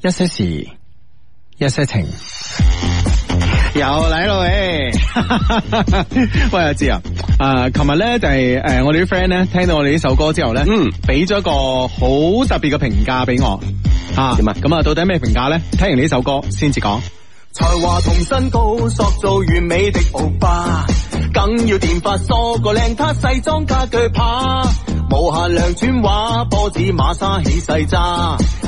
一些事，一些情，又嚟咯喂！喂阿志啊，啊，琴日咧就係、是、誒、呃，我哋啲 friend 咧聽到我哋呢首歌之後咧，嗯，俾咗一個好特別嘅評價俾我，吓，點啊？咁啊，到底咩評價咧？聽完呢首歌先至講。才華同身高，塑造完美的步伐，梗要電髮梳個靚，他西裝家具扒，無限量穿畫波子馬沙起細渣。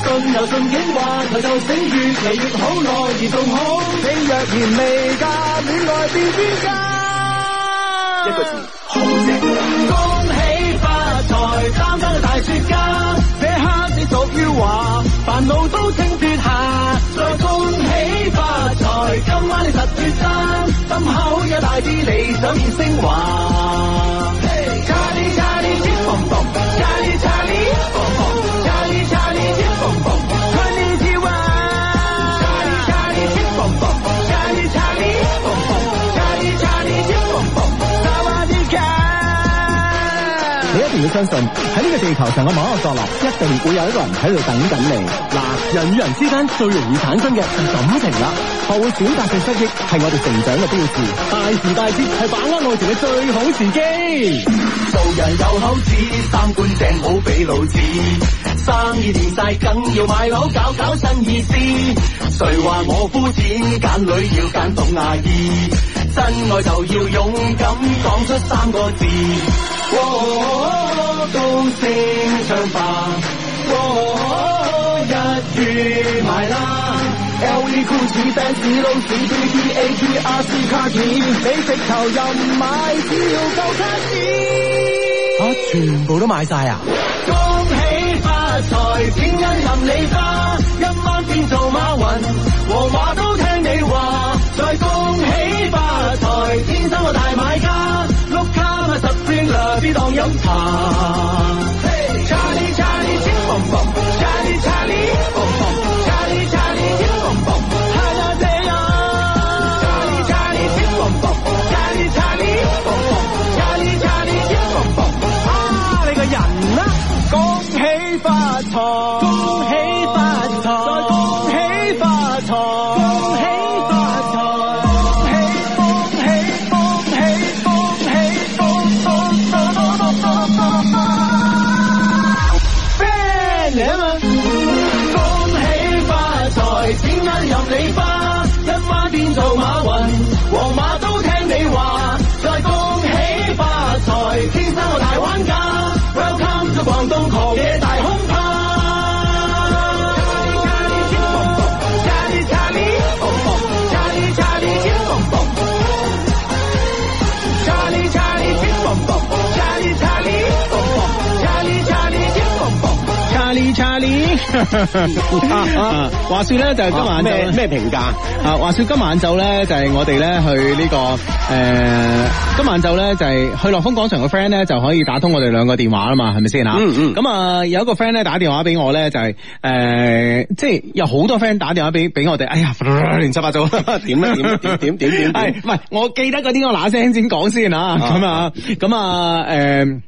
順頭順景話頭頭景越嚟越好耐而仲好，你若然未嫁，戀愛變專家。一個字，好正！恭喜發財，擔得個大雪茄。這刻你做飄話，煩惱都清脱下。再恭喜發財，今晚你實脱單，心口有一大志，理想變升華。Charlie c h a r 你要相信喺呢個地球上嘅某一個角落，一定會有一個人喺度等緊你。嗱，人與人之間最容易產生嘅係感情啦。學會表達嘅收益係我哋成長嘅標誌，大時大節係把握愛情嘅最好時機。做人有口齒，三觀正好比老子。生意墊晒，更要買樓搞搞新意思。誰話我膚淺？揀女要揀懂牙醫，真愛就要勇敢講出三個字。我高聲唱吧，我一於買啦！L E C U S B A N S L O S D E A G R C 卡片，比石頭任買，只要夠差錢。啊，全部都買曬啊！恭喜發財，錢銀任你花，今晚變做馬雲和馬多。啊啊！話說咧就係今晚咩咩評價啊？話說今晚就咧就係我哋咧去呢個誒，今晚就咧就係去樂富廣場嘅 friend 咧就可以打通我哋兩個電話啦嘛，係咪先吓？嗯嗯。咁啊有一個 friend 咧打電話俾我咧就係誒，即係有好多 friend 打電話俾俾我哋，哎呀亂七八糟，點咧點點點點點係唔係？我記得嗰啲我嗱聲先講先啊，咁啊咁啊誒。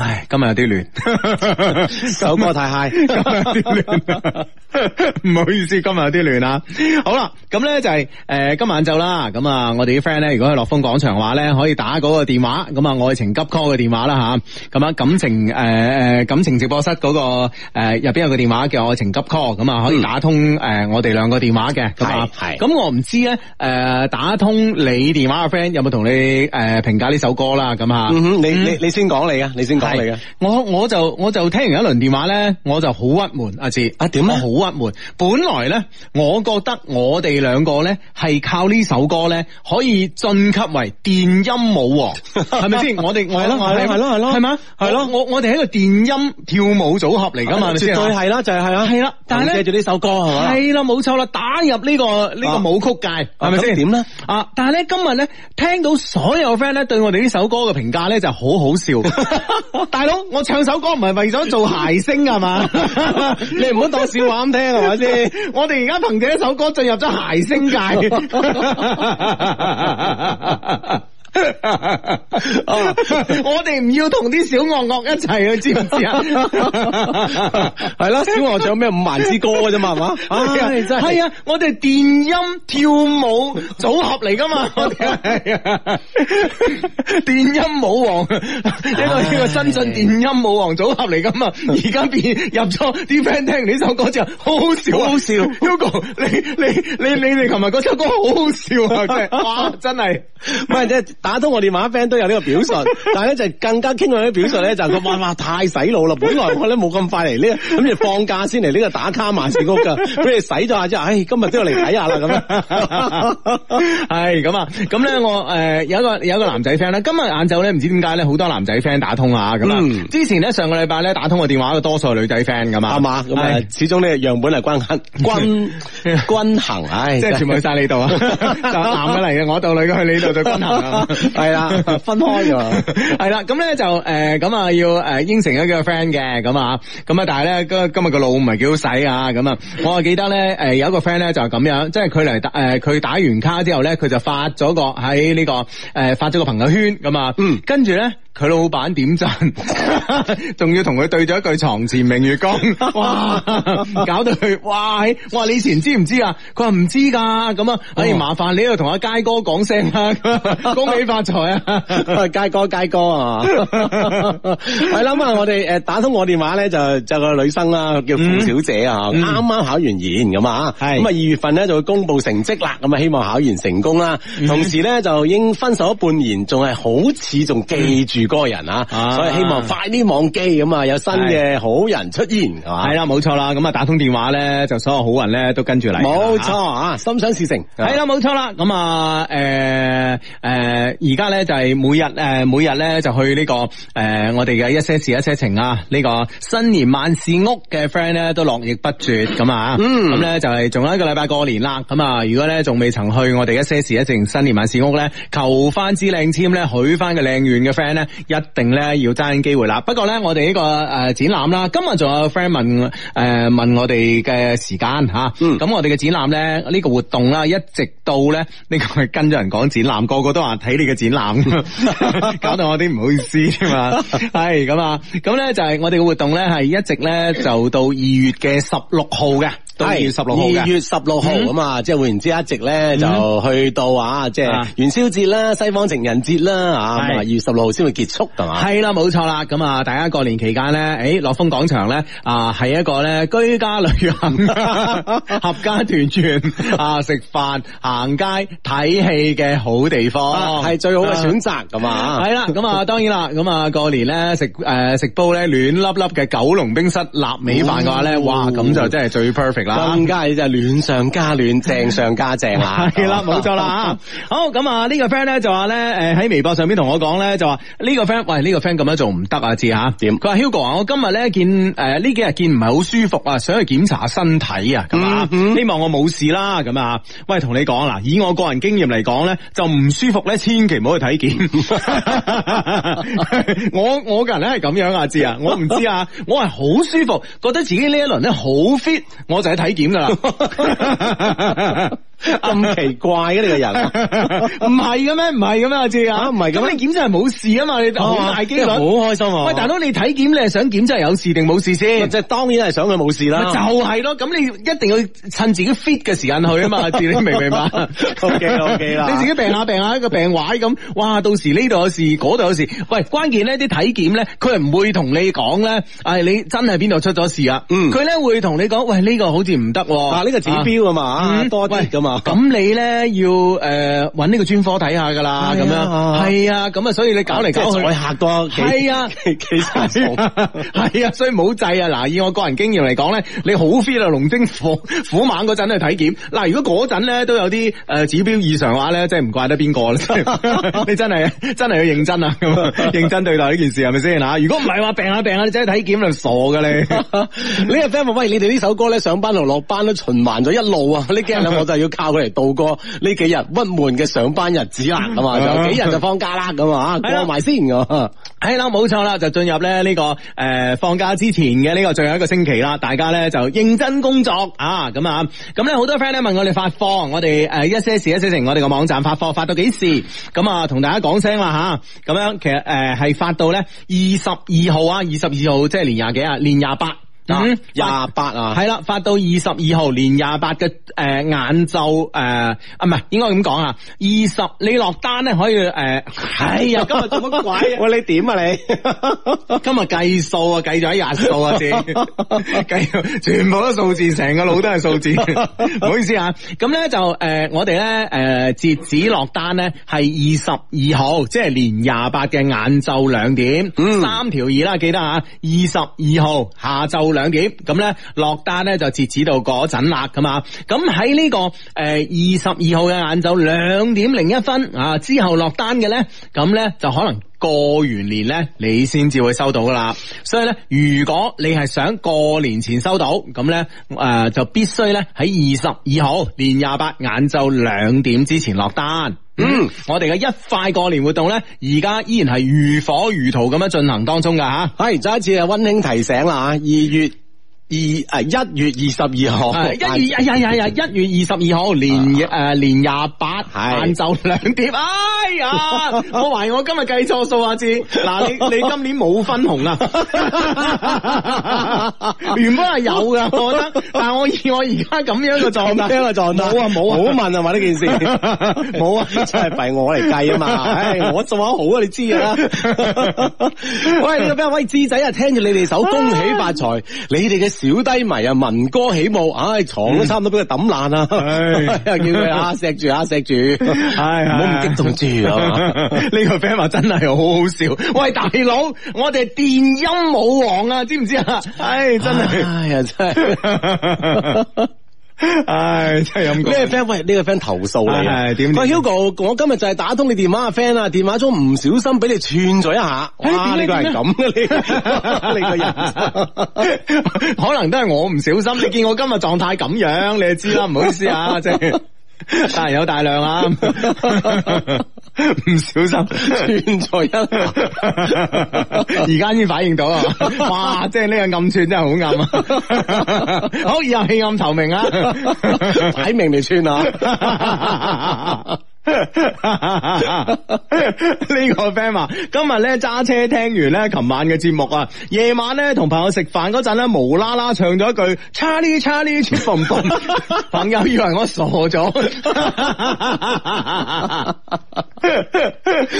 唉，今日有啲亂，首歌太嗨，i 今日有啲亂，唔好意思，今日有啲亂啊！好啦，咁咧就係誒，今日晏晝啦，咁啊，我哋啲 friend 咧，如果喺樂豐廣場話咧，可以打嗰個電話，咁啊，愛情急 call 嘅電話啦吓，咁啊感情誒誒感情直播室嗰個誒入邊有個電話叫愛情急 call，咁啊可以打通誒我哋兩個電話嘅，係係，咁我唔知咧誒打通你電話嘅 friend 有冇同你誒評價呢首歌啦，咁啊，你你你先講你啊，你先講。係啊，我我就我就聽完一輪電話咧，我就好鬱悶，阿志，啊，點咧？好鬱悶。本來咧，我覺得我哋兩個咧係靠呢首歌咧可以晉級為電音舞，係咪先？我哋我係咯，我係咯，係咯，係嘛，係咯，我我哋係個電音跳舞組合嚟噶嘛，絕對係啦，就係啦，係啦。但係借住呢首歌係嘛，係啦，冇錯啦，打入呢個呢個舞曲界，係咪先？點咧？啊！但係咧，今日咧聽到所有 friend 咧對我哋呢首歌嘅評價咧就好好笑。大佬，我唱首歌唔係為咗做諧星啊嘛， 你唔好當笑話咁聽係咪先？ 我哋而家憑借一首歌進入咗諧星界。 oh. 我哋唔要同啲小惡惡一齊啊！知唔知啊？係 咯， 小惡唱咩五萬之歌嘅啫嘛？係嘛？係啊 的！我哋電音跳舞組合嚟噶嘛？我哋係啊！ 電音舞王，呢 個呢、哎、個深圳電音舞王組合嚟噶嘛？而家變入咗啲 friend 聽完呢首歌之後，好好笑好笑 y o g o 你你你你哋琴日嗰首歌好好笑啊！ Google, 笑啊真哇，真係唔係即係。 打通我哋嘅 friend 都有呢個表述，但係咧就是、更加傾佢啲表述咧，就個、是、話太洗腦啦。本來我咧冇咁快嚟呢，咁就放假先嚟呢個打卡萬事屋噶，俾你洗咗下之後。唉、哎，今日都要嚟睇下啦咁樣，係咁啊。咁咧我誒、呃、有一個有一個男仔 friend 咧，今日晏晝咧唔知點解咧，好多男仔 friend 打通啊咁啊。之前咧上個禮拜咧打通個電話嘅多數女仔 friend 噶嘛，係嘛咁啊。哎、始終呢樣本係均衡均均衡，唉、哎、即係全， 全部去晒呢度啊，就男嘅嚟嘅，我到女嘅去呢度就均衡。係啦， 分開咗。係 啦，咁咧就誒，咁、呃、啊要誒應承一個 friend 嘅，咁啊，咁啊，但係咧今今日個路唔係幾好使啊，咁啊，我啊記得咧，誒有一個 friend 咧就係咁樣，即係佢嚟誒，佢、呃、打完卡之後咧，佢就發咗個喺呢、這個誒、呃、發咗個朋友圈咁啊，嗯，跟住咧。佢老闆點讚，仲要同佢對咗一句床前明月光，哇！搞到佢，哇！哇你以前知唔知啊？佢話唔知噶，咁啊，哎，麻煩你度同阿佳哥講聲啊，恭喜發財啊，佳哥，佳哥啊！係啦，咁啊，我哋誒打通我電話咧，就就個女生啦，叫傅小姐啊，啱啱考完研咁啊，係咁啊，二月份咧就會公布成績啦，咁啊，希望考完成功啦，同時咧就已經分手咗半年，仲係好似仲記住。個人啊，所以希望快啲忘記咁啊，有新嘅好人出現係嘛？啦的，冇錯啦，咁啊，錯打通電話咧，就所有好人咧都跟住嚟，冇錯錯啊，心想事成，係啦的，冇錯啦，咁啊，誒誒、啊，而家咧就係每日誒、呃、每日咧就去呢、這個誒、呃、我哋嘅一些事一些情啊，呢、這個新年萬事屋嘅 friend 咧都絡繹不絕咁、嗯、啊，嗯，咁咧、啊、就係、是、仲有一個禮拜過年啦，咁啊，如果咧仲未曾去我哋一些事一些情新年萬事屋咧，求翻支靚簽咧，許翻個靚願嘅 friend 咧。一定咧要爭緊機會啦，不過咧我哋呢個誒展覽啦，今日仲有 friend 問誒問我哋嘅時間吓，咁、嗯、我哋嘅展覽咧呢個活動啦，一直到咧呢、這個係跟咗人講展覽，個個都話睇你嘅展覽， 搞到我啲唔好意思啊嘛，係咁啊，咁咧 就係我哋嘅活動咧係一直咧就到二月嘅十六號嘅。係二月十六號，二月十六號咁啊，即係換言之一直咧就去到啊，即係元宵節啦，西方情人節啦，啊，二月十六號先會結束，係嘛？係啦，冇錯啦，咁啊，大家過年期間咧，誒，樂豐廣場咧啊，係一個咧居家旅行，合家團圓啊，食飯，行街，睇戲嘅好地方，係最好嘅選擇，咁啊，係啦，咁啊，當然啦，咁啊，過年咧食誒食煲咧暖粒粒嘅九龍冰室臘味飯嘅話咧，哇，咁就真係最 perfect。更、嗯、加就係暖上加暖，正上加正吓，係 啦，冇錯啦吓。好，咁啊，呢個 friend 咧就話咧，誒喺微博上邊同我講咧，就話呢個 friend，喂呢、這個 friend 咁樣做唔得啊，志啊，點樣？佢話 Hugo 啊，go, 我今日咧見誒呢、呃、幾日見唔係好舒服啊，想去檢查下身體啊，咁啊，嗯嗯、希望我冇事啦，咁啊，喂，同你講嗱，以我個人經驗嚟講咧，就唔舒服咧，千祈唔好去體檢。 我我個人咧係咁樣啊，志 啊，我唔知啊，我係好舒服，覺得自己呢一輪咧好 fit，我就是。體檢噶啦。咁奇怪嘅、啊、你個人，唔係嘅咩？唔係嘅咩？阿志啊，唔係咁，你檢真係冇事啊嘛？你好大機率，好開心。啊！喂，大佬，你體檢你係想檢真係有事定冇事先？即係、啊哦、當然係想佢冇事啦。就係、是、咯，咁你一定要趁自己 fit 嘅時間去啊嘛，阿、啊、志，明唔、 啊、明白？OK OK 啦，你自己病下病下一個病壞咁，哇、啊！到時呢度有事，嗰度有事。喂，關鍵呢啲體檢咧，佢係唔會同你講咧，係你真係邊度出咗事啊？佢咧、嗯、會同你講，喂，呢個好似唔得，嗱，呢個指標啊嘛，多啲咁你咧要誒揾呢個專科睇下噶啦，咁樣係啊，咁啊所以你搞嚟搞去吓多，係啊，其實係啊，所以冇制啊。嗱，以我個人經驗嚟講咧，你好 feel 啊，龍精虎虎猛嗰陣去體檢，嗱，如果嗰陣咧都有啲誒指標異常嘅話咧，真係唔怪得邊個啦。你 真係真係要認真啊，咁啊，認真對待呢件事係咪先啊？如果唔係話病下、啊、病啊，你真去體檢就傻噶你。 你個 friend 話，喂，你哋呢首歌咧上班同落班都循環咗一路啊，你驚啊？我就要。靠佢嚟度過呢幾日鬱悶嘅上班日子啊，咁啊，仲有幾日就放假啦，咁啊過埋先。係啦了，冇錯啦，就進入咧、這、呢個誒、呃、放假之前嘅呢個最後一個星期啦，大家咧就認真工作啊，咁啊，咁咧好多 friend 咧問我哋發貨，我哋誒一些事一些情，呃 SS, 啊 SS、我哋個網站發貨發到幾時？咁啊同大家講聲啦吓，咁樣其實誒係、呃、發到咧、啊、二十二號啊，二十二號即係年廿幾啊，年廿八。嗯，廿八啊，係啦，發到二十二號，年廿八嘅誒，晏晝誒，啊唔係，應該咁講啊，二十你落單咧可以誒，係、呃、啊、 哎呀，今日做乜鬼？喂，你點啊你？ 今日計數啊，計咗廿數啊先，計全部都數字，成個腦都係數字，唔 好意思啊。咁咧就誒、呃，我哋咧誒，截止落單咧係二十二號，即係年廿八嘅晏晝兩點，嗯、三條二啦，記得啊，二十二號下晝。兩點咁咧落單咧就截止到嗰陣啦，咁啊，咁喺呢個誒二十二號嘅晏晝兩點零一分啊之後落單嘅咧，咁咧就可能。過完年呢，你先至會收到噶啦。所以呢，如果你係想過年前收到，咁呢，誒、呃，就必須呢，喺二十二號年廿八晏晝兩點之前落單。嗯，我哋嘅一塊過年活動呢，而家依然係如火如荼咁樣進行當中噶吓。係，再一次啊，溫馨提醒啦，二月。二誒一月二十二號，一月呀呀呀一月二十二號，年誒年廿八，係晏晝兩點，哎呀，我懷疑我今日計錯數啊字，嗱你你今年冇分紅啊，原本係有噶，但係我以我而家咁樣嘅狀態，咁樣嘅狀態，冇啊冇啊，唔好問啊嘛呢件事，冇啊真係弊我嚟計啊嘛，唉我做下好啊你知啊，喂呢個邊位智仔啊，聽住你哋首恭喜發財，你哋嘅。小低迷啊，聞歌起舞，唉、啊，床都差唔多俾佢抌爛啦，又、嗯、 叫佢啊，錫住啊，錫住，唉，唔好咁激動住啊，哎哎、啊，呢個 friend 話真係好好笑，喂大佬，我哋電音舞王啊，知唔知啊？唉、嗯 哎，真係，唉、 哎哎哎、呀真係。唉，真係咁講。呢個 friend 喂，呢個 friend 投訴你，點？喂，Hugo，我今日就係打通你電話嘅 friend 啊，電話中唔小心俾你串咗一下啊，呢個係咁啊，你你個人，可能都係我唔小心。你見我今日狀態咁樣，你就知啦，唔好意思啊，即係。大人有大量啊！唔小心寸錯一粒，而家先反應到啊！哇，即係呢個暗寸真係好暗啊！好，又棄暗投明啊！擺明嚟寸啊！呢 個 friend 話、啊：今日咧揸車聽完咧琴晚嘅節目啊，夜晚咧同朋友食飯嗰陣咧無啦啦唱咗一句差呢差呢，出矛盾。朋友以為我傻咗。係、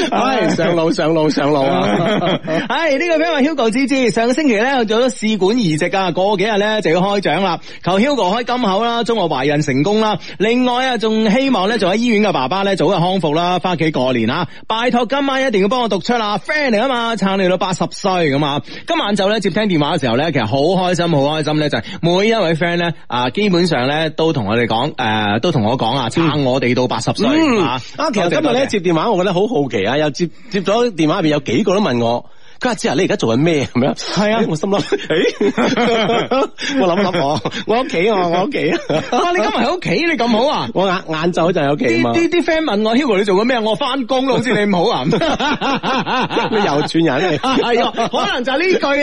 哎、上路上路上路啊！係 呢、哎這個 friend、啊、Hugo 芝芝，上個星期咧我做咗試管移植啊，過幾日咧就要開獎啦，求 Hugo 開金口啦，祝我懷孕成功啦。另外啊，仲希望咧，仲喺醫院嘅爸爸咧。早日康復啦，翻屋企過年啊！拜託，今晚一定要幫我讀出啦 friend 嚟啊嘛，撐你到八十歲咁啊！今晚就咧接聽電話嘅時候咧，其實好開心，好開心咧就係每一位 friend 咧啊，基本上咧都同我哋講誒，都同我講啊，撐我哋到八十歲、嗯、啊！啊，其實謝謝今日咧接電話，我覺得好好奇啊，又接接咗電話入邊有幾個都問我。家姐 啊，你而家做緊咩咁樣？係啊，我心諗，誒 ，我諗一諗我，我屋企我我屋企啊！你今日喺屋企，你咁好啊？我晏晏晝就喺屋企啊嘛。啲啲 friend 問我 Hugo 你做緊咩？我翻工咯，知你唔好啊？你又串人嚟？係啊，可能就係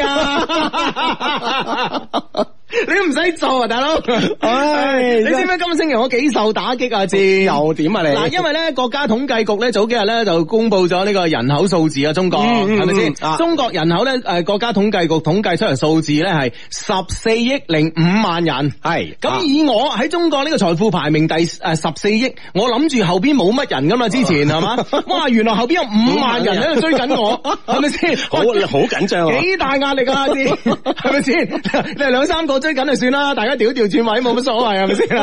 呢句啊。 你都唔使做啊，大佬！唉，你知唔知今星期我幾受打擊啊？子又點啊你？嗱，因為咧國家統計局咧早幾日咧就公布咗呢個人口數字啊，中國係咪先？中國人口咧誒國家統計局統計出嚟數字咧係十四億零五萬人，係咁以我喺中國呢個財富排名第誒十四億，我諗住後邊冇乜人噶嘛，之前係嘛？哇，原來後邊有五萬人喺度追緊我，係咪先？好，好緊張，幾大壓力啊？子係咪先？你係兩三個？我追緊就算啦，大家調調轉位冇乜所謂，係咪先？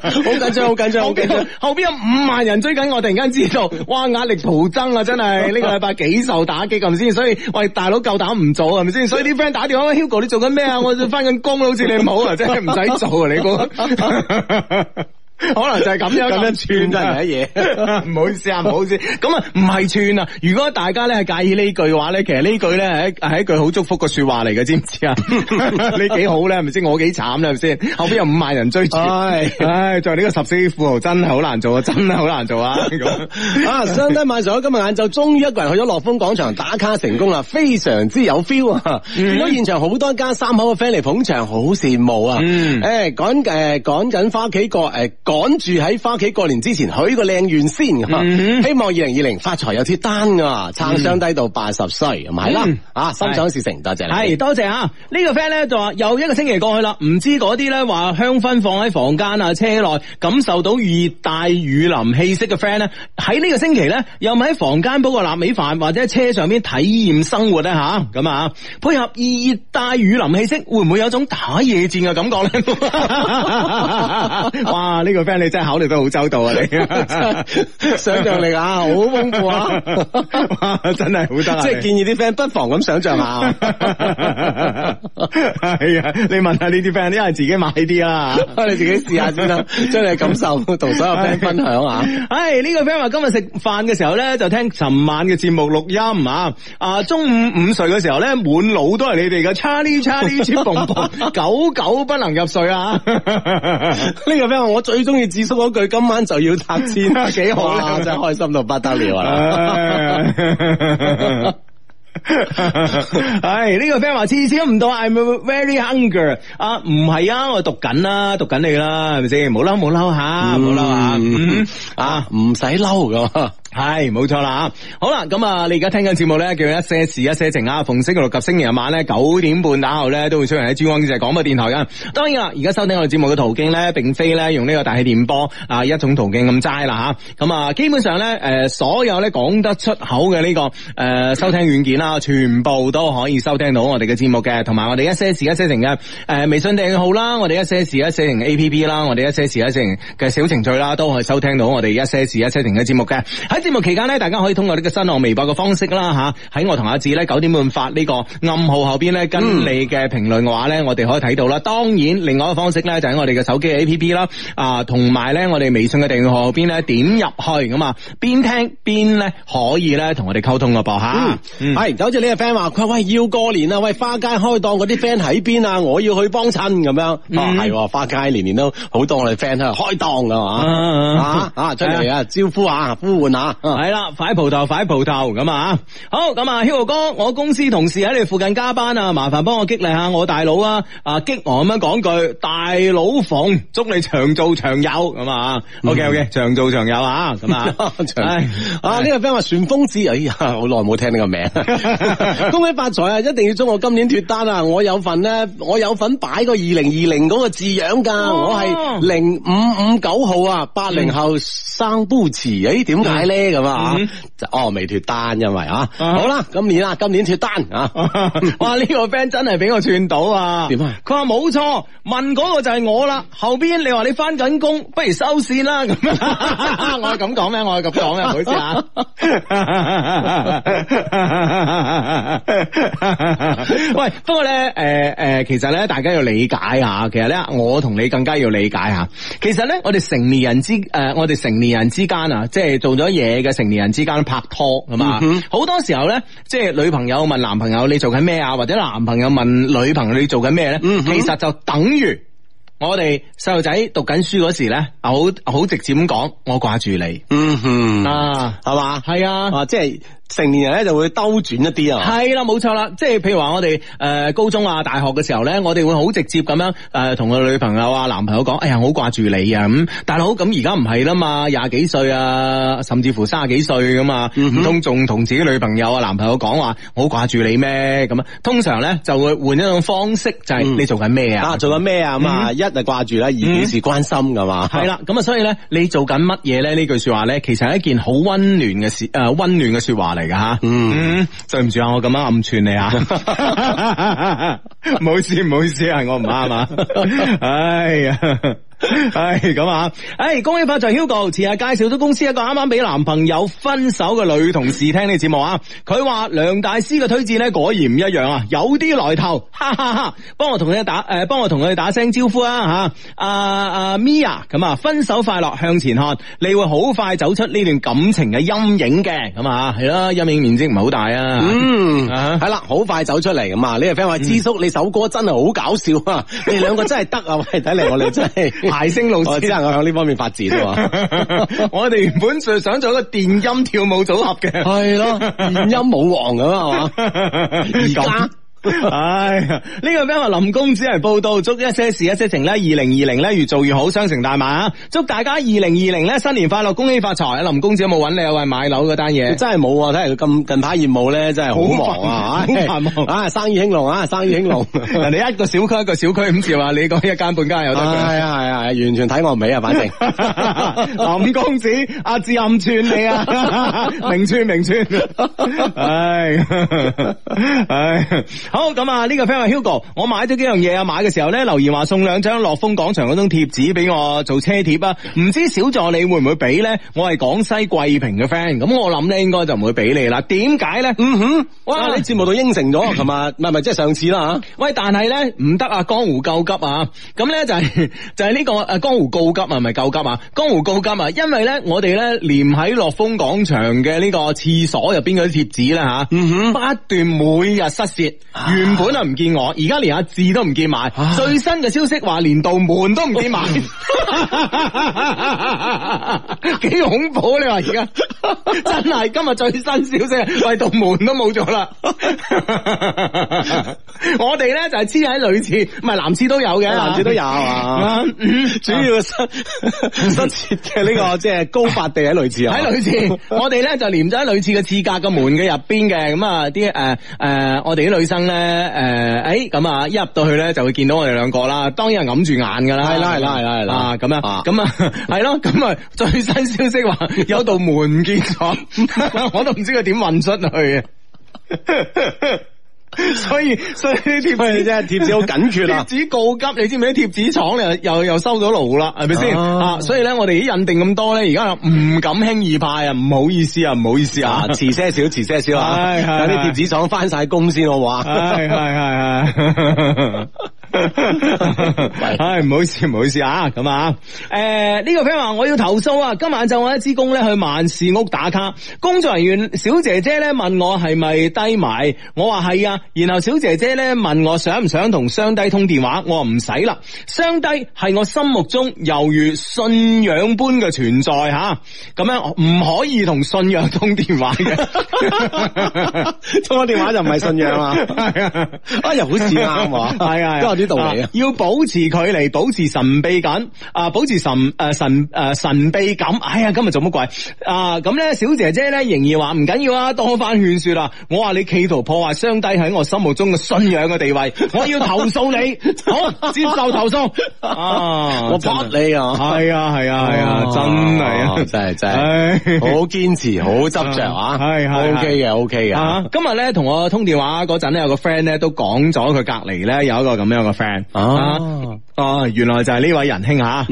好緊張，好緊張，好緊張，後邊有五萬人追緊我，突然間知道，哇，壓力徒增啊！真係呢個禮拜幾受打擊，咁先？所以喂，大佬夠膽唔做係咪先？所以啲 friend 打電話，Hugo 你做緊咩啊？我翻緊工好似你冇好啊，真係唔使做啊，你講。可能就係咁樣咁樣串真係乜嘢？唔好意思啊，唔 好意思。咁啊，唔係串啊。如果大家咧係介意呢句嘅話咧，其實呢句咧係係一句好祝福嘅說話嚟嘅，知唔知啊？ 你幾好咧，係咪先？我幾慘咧，係咪先？後邊有五萬人追住，唉、 哎，就、哎、呢個十四富豪真係好難做，難做 啊，真係好難做啊！啊，相得萬壽，今日晏晝終於一個人去咗樂豐廣場打卡成功啦，非常之有 feel 啊！如果、嗯、現場好多家三口嘅 friend 嚟捧場，好羨慕啊！嗯、欸，誒，趕、呃、誒，趕緊翻屋企過誒。呃趕住喺翻屋企過年之前許個靚願先，嗯、希望二零二零發財有鐵單，撐雙、嗯、低到八十歲，係啦、嗯啊，心想事成，是多謝你，係多謝啊！呢、這個 friend 咧就話又一個星期過去啦，唔知嗰啲咧話香薰放喺房間啊、車內，感受到熱帶雨林氣息嘅 friend 咧，喺呢個星期咧又咪喺房間煲個臘味飯，或者喺車上邊體驗生活咧吓，咁啊，啊，配合熱帶雨林氣息，會唔會有種打野戰嘅感覺咧？ 哇，呢、這個！個 friend 你真係考慮得好周到啊！你想象力啊，好豐富啊，真係好得啊！即係建議啲 friend 不妨咁想象下，係啊！你問下呢啲 friend，因為自己買啲啦，你自己試下先啦，將你嘅感受同所有 friend 分享啊！唉，呢個 friend 話今日食飯嘅時候咧，就聽尋晚嘅節目錄音啊！啊，中午午睡嘅時候咧，滿腦都係你哋嘅，Charlie Charlie 似蓬蓬，久久不能入睡啊！呢個 friend 話我最。中意紫叔嗰句今晚就要拆遷啦，幾好咧、啊！哇真開心到不得了啦、啊！係呢、 哎這個 friend 話次次都唔到，I'm very hungry 啊！唔係啊，我讀緊、啊、啦，讀緊你啦，係咪先？唔好嬲，唔好嬲下，唔好嬲吓，啊唔使嬲咁。嗯啊係冇錯啦，好啦，咁啊，你而家聽緊節目咧，叫一些事一些情啊，逢星期六及星期日晚咧九點半打後咧都會出現喺珠江經濟廣播電台噶。當然啦，而家收聽我哋節目嘅途徑咧，並非咧用呢個大氣電波啊一種途徑咁齋啦吓。咁啊，基本上咧誒、呃、所有咧講得出口嘅呢、呢個誒、呃、收聽軟件啦、啊，全部都可以收聽到我哋嘅節目嘅。同埋我哋一些事一些情嘅誒微信訂號啦，我哋一些事一些情嘅 A P P 啦，我哋一些事一些情嘅小程序啦，都可以收聽到我哋一些事一些情嘅節目嘅。喺節目期間咧，大家可以通過呢個新浪微博嘅方式啦，吓、啊、喺我同阿志咧九點半發呢個暗號後邊咧，跟你嘅評論嘅話咧，嗯、我哋可以睇到啦。當然，另外一個方式咧，就喺我哋嘅手機 A P P 啦，啊，同埋咧我哋微信嘅訂閱號後邊咧點入去咁啊，邊聽邊咧可以咧同我哋溝通個噃吓，係就好似呢個 friend 話喂，要過年啦，喂，花街開檔嗰啲 friend 喺邊啊？我要去幫襯咁樣，係、嗯啊哦、花街年年都好多我哋 friend 喺度開檔噶嘛，啊啊，啊 出嚟，啊招呼啊呼喚啊！係啦、嗯，快蒲頭，快蒲頭咁啊！好咁啊，Hugo 哥，我公司同事喺你附近加班啊，麻煩幫我激勵下我大佬啊！啊，激我咁樣講句，大佬馮，祝你長做長有咁啊、嗯、！OK OK，長做長有啊！咁啊， 長、哎、啊呢、呢個 friend 話旋風子，哎呀，好耐冇聽呢個名， 恭喜發財啊！一定要祝我今年脫單啊！我有份呢，我有份擺個二零二零嗰個字樣噶，我係零五五九號啊，八零後生不遲，誒、哎，點解咧？咩咁、嗯、啊？就哦未脫單，因為啊，啊好啦，今年啦，今年脫單啊！ 哇，呢、這個 friend 真係俾我串到啊！點啊？佢話冇錯，問嗰個就係我啦。後邊你話你翻緊工，不如收線啦咁、啊。 我係咁講咩？我係咁講嘅，唔好意思啊。 喂，不過咧，誒、呃、誒、呃，其實咧，大家要理解下，其實咧，我同你更加要理解吓。其實咧，我哋成年人之誒，我、呃、哋、呃、成年之間、就是就是、duc, music, 成年人之間啊，即係做咗嘢。嘅成年人之間拍拖係嘛，好、嗯、哼多時候咧，即係女朋友問男朋友你做緊咩啊，或者男朋友問女朋友你做緊咩咧，嗯、哼其實就等於我哋細路仔讀緊書嗰時咧，好好直接咁講，我掛住你，嗯哼啊，係嘛吧，係啊，啊即係。成年人咧就會兜轉一啲啊，係啦冇錯啦，即係譬如話我哋誒高中啊、大學嘅時候咧，我哋會好直接咁樣誒同個女朋友啊、男朋友講，哎呀好掛住你啊咁，大佬咁而家唔係啦嘛，廿幾歲啊，甚至乎卅幾歲咁啊，唔通仲同自己女朋友啊、男朋友講話好掛住你咩咁啊？通常咧就會換一種方式，就係、是、你做緊咩啊、嗯、啊？做緊咩啊？咁啊、嗯，一係掛住啦，二表示關心噶嘛？係啦、嗯，咁、嗯、啊， 所以咧你做緊乜嘢咧？呢句說話咧，其實係一件好溫暖嘅事誒，溫、呃、暖嘅說話。嚟噶吓，嗯，嗯對唔住啊，我咁樣暗串你啊，唔 好意思，唔好意思，係我唔啱啊，哎呀。係咁啊！誒，恭、哎、喜發財，Hugo，前日介紹咗公司一個啱啱俾男朋友分手嘅女同事聽呢節目啊。佢話梁大師嘅推薦咧果然唔一樣啊，有啲來頭，哈哈哈！幫我同佢打誒，幫、呃、我同佢打聲招呼啊。吓、啊。阿、啊、阿 Mia，咁啊，分手快樂向前看，你會好快走出呢段感情嘅陰影嘅。咁啊，係、哎、咯，陰影面積唔係好大啊。嗯，係啦、啊，好、嗯、快走出嚟咁啊。你個 friend 話，支叔、嗯、你首歌真係好搞笑啊！你哋兩個真係得啊，喂，睇嚟我哋真係。排星老師只能我響呢方面發展，我哋原本就想做一個電音跳舞組合嘅， 係咯電音舞王咁啊嘛， 唉，呢、哎、個咩啊？林公子嚟報道，祝一些事、一些情咧，二零二零咧越做越好，雙城大馬，祝大家二零二零咧新年快樂，恭喜發財啊！林公子有冇揾你啊？喂，買樓嗰單嘢真係冇啊！睇嚟佢咁近排業務咧，真係好忙啊！忙啊！生意興隆啊！生意興隆， 人哋一個小區一個小區咁似話，你講一,一間半間有得？係啊係啊，完全睇我唔起啊！反正 林公子阿志、啊、暗串你啊，明串明串，唉唉。 好咁啊！呢、這個 friend Hugo，我買咗幾樣嘢啊！買嘅時候咧，留言話送兩張樂豐廣場嗰種貼紙俾我做車貼啊！唔知小助理會唔會俾咧？我係廣西桂平嘅 friend，咁我諗咧應該就唔會俾你啦。點解咧？嗯哼，哇！哇哇你節目都應承咗，琴日唔係唔係，即係上次啦吓。喂，但係咧唔得啊！江湖救急啊！咁、嗯、咧就係、是、就係、是、呢、這個誒、啊、江湖救急啊，唔係救急啊，江湖救急啊！因為咧我哋咧連喺樂豐廣場嘅呢個廁所入邊嗰啲貼紙啦吓，嗯哼，不斷每日失竊。原本啊唔見我，而家連阿智都唔見埋。最新嘅消息話連道門都唔見埋，幾恐怖你話而家，真係今日最新消息，喂，道門都冇咗啦。我哋咧就係黐喺女廁，唔係男廁都有嘅，男廁都有啊。主要失竊，嘅呢個即係高發地喺女廁啊。喺女廁，我哋咧就連咗喺女廁嘅廁格嘅門嘅入邊嘅，咁啊啲誒誒，我哋啲女生。咧誒，誒、嗯，咁、欸、啊，一入到去咧就會見到我哋兩個啦，當然係揞住眼噶啦，係啦，係啦，係啦，係啦，咁啊，咁了啊係咯，咁了啊最新消息話有道門唔見咗， 我都唔知佢點運出去啊。 所以所以呢啲貼紙啫，貼紙好緊缺啊！貼紙告急，你知唔知啲貼紙廠又又又收咗爐啦，係咪先啊？所以咧，我哋已經認定咁多咧，而家唔敢輕易派啊！唔好意思啊，唔好意思啊，遲 些少，遲些少啊！有啲貼紙廠翻晒工先好話。係係係。 唉，唔好意思，唔好意思吓，咁、uh，啊，誒，呢個 friend 話我要投訴啊，今晚就我一支工咧去萬事屋打卡，工作人員小姐姐咧問我係咪低埋，我話係啊，然後小姐姐咧問我是是想唔想同雙低通電話，我話唔使啦，雙低係我心目中猶如信仰般嘅存在吓，咁樣唔可以同信仰通電話嘅，通電話就唔係信仰啊。啦，啊又好似啱，喎，係啊。道理啊，要保持距離，保持神秘感，啊，保持神誒神誒神秘感。哎呀，今日做乜鬼啊？咁咧，小姐姐咧仍然話唔緊要啊，多番勸說啦。我話你企圖破壞雙低喺我心目中嘅信仰嘅地位，我要投訴你，好接受投訴啊！我拍你啊，係啊係啊係啊，真係啊，真係真係，好堅持，好執着啊，係係 OK 嘅 OK 嘅。今日咧同我通電話陣咧，有個 friend 咧都講咗，佢隔籬咧有一個咁樣。friend 哦哦，哦，原來就係呢位仁兄吓，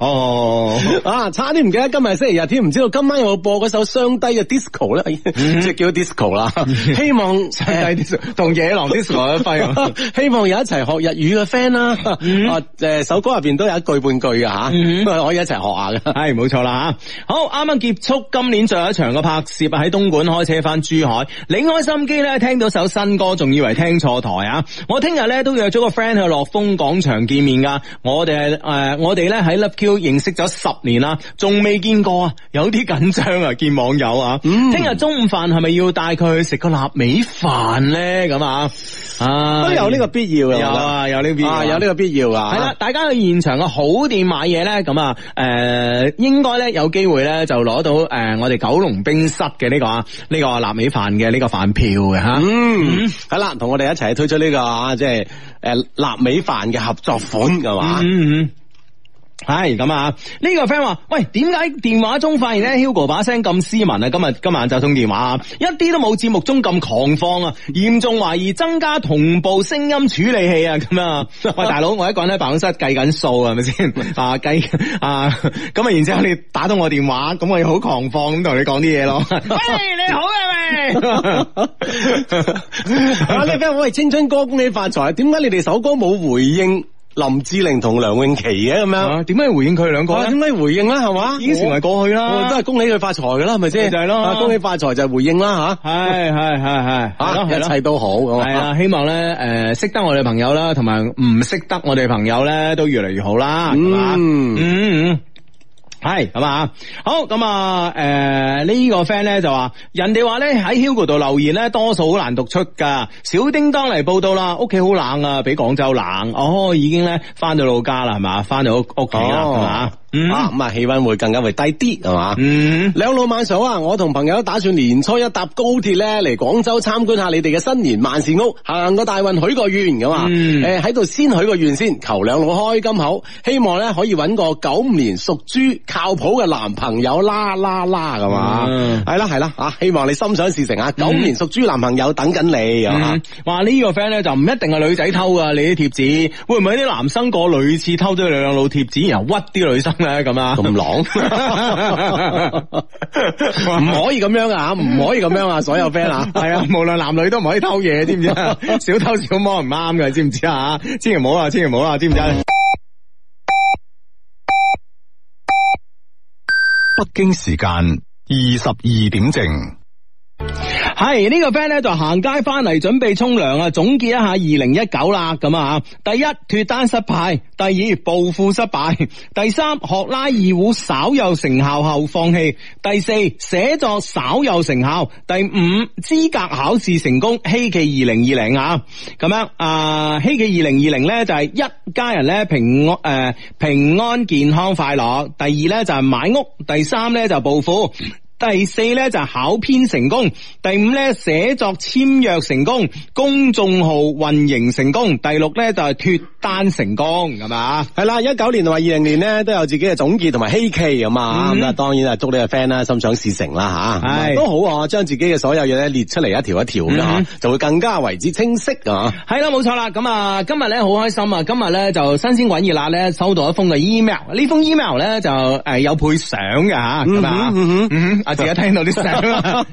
哦啊，差啲唔記得今日星期日添，唔知道今晚有冇播嗰首雙低嘅 disco 咧， 即係叫 disco 啦。希望雙低同野狼 disco 都輝、啊，希望有一齊學日語嘅 friend 啦、啊。誒、 啊，首、呃、歌入邊都有一句半句嘅吓，啊、 可以一齊學下嘅。係冇錯啦吓，好啱啱結束今年最後一場嘅拍攝喺東莞開車翻珠海，你開心機咧聽到首新歌，仲以為聽錯台啊！我聽日咧都約咗個。friend 喺樂豐廣場見面噶，我哋係誒，我哋咧喺 Love Q 認識咗十年啦，仲未見過啊，有啲緊張啊，見網友啊，聽日、嗯、中午飯係咪要帶佢去食個臘味飯咧？咁啊，啊都有呢個必要、嗯，有啊有呢個必要、啊，有呢個必要啊！係啦、啊，大家去現場嘅好店買嘢咧，咁啊誒，應該咧有機會咧就攞到誒、呃、我哋九龍冰室嘅呢、這個呢、這個臘味飯嘅呢個飯票嘅吓，啊、嗯，係啦、嗯，同我哋一齊推出呢、這個啊，即、就、係、是。就是誒，臘味飯嘅合作款嘅話，嗯嗯。嗯嗯係咁啊！呢個 friend 話：喂，點解電話中發現咧，Hugo 把聲咁斯文啊？今日今晚就通電話，一啲都冇節目中咁狂放啊！嚴重懷疑增加同步聲音處理器啊！咁啊，喂，大佬，我一個人喺辦公室計緊數啊，係咪先啊計啊？咁啊，然之後你打通我電話，咁我要好狂放咁同你講啲嘢咯。喂，你好啊，喂，啊呢個 friend，我係青春哥，恭喜發財。點解你哋首歌冇回應？林志玲同梁詠琪嘅咁樣，點解回應佢兩個？點解回應啦，係嘛？已經成為過去啦，都係恭喜佢發財噶啦，係咪先？就係咯，恭喜發財就係回應啦，吓。係係係係，吓，一切都好。係啊，希望咧，誒，識得我哋朋友啦，同埋唔識得我哋朋友咧，都越嚟越好啦，係嘛？嗯嗯。係，咁啊，好咁啊，誒，呢個 friend 咧就話，人哋話咧喺 Hugo 度留言咧，多數好難讀出噶。小叮當嚟報道啦，屋企好冷啊，比廣州冷。哦，已經咧翻到老家啦，係嘛？翻到屋屋企啦，係嘛，哦。吧啊咁、嗯、啊，氣溫會更加會低啲係嘛。兩老、嗯、晚上啊，我同朋友打算年初一搭高鐵咧嚟廣州參觀下你哋嘅新年萬事屋，行個大運許個願咁啊。誒喺度先許個願先，求兩老開金口，希望咧可以揾個九年屬豬靠譜嘅男朋友啦啦啦咁嘛。係啦係啦吓，希望你心想事成啊，九年屬豬男朋友等緊你、嗯嗯、啊。哇、這、呢個 friend 咧就唔一定係女仔偷噶，你啲貼紙會唔會啲男生過女廁偷咗兩兩老貼紙然後屈啲女生？咁啊，咁狼，唔可以咁樣啊，唔 可以咁樣，啊、樣啊，所有 friend 啊，係啊，無論男女都唔可以偷嘢，啊，知唔知啊？ 小偷小摸唔啱㗎，知唔知啊？千祈唔好啊，千祈唔好啊，知唔知？北京時間二十二點正。係、哎這個、呢個 friend 咧就行街翻嚟準備沖涼啊！總結一下二零一九啦，咁啊第一脱單失敗，第二暴富失敗，第三學拉二胡稍有成效後放棄，第四寫作稍有成效，第五資格考試成功。希冀二零二零啊，咁樣啊，希冀二零二零咧就係、是、一家人咧平安誒、呃、平安健康快樂。第二咧就係、是、買屋，第三咧就暴富。第四咧就係、是、考編成功，第五咧寫作簽約成功，公眾號運營成功，第六咧就係脫單成功，係咪啊？係啦，一九年同埋二零年咧都有自己嘅總結同埋希冀啊嘛，咁啊、嗯、哼當然啊祝你個 friend 啦心想事成啦吓，唉都是好啊，將自己嘅所有嘢咧列出嚟一條一條嘅、嗯、哼就會更加為之清晰啊，係啦、嗯哼，冇錯啦，咁啊今日咧好開心啊，今日咧就新鮮滾熱辣咧收到一封嘅 email，呢封 email 咧就誒有配相嘅吓，啊！自己聽到啲聲 啊！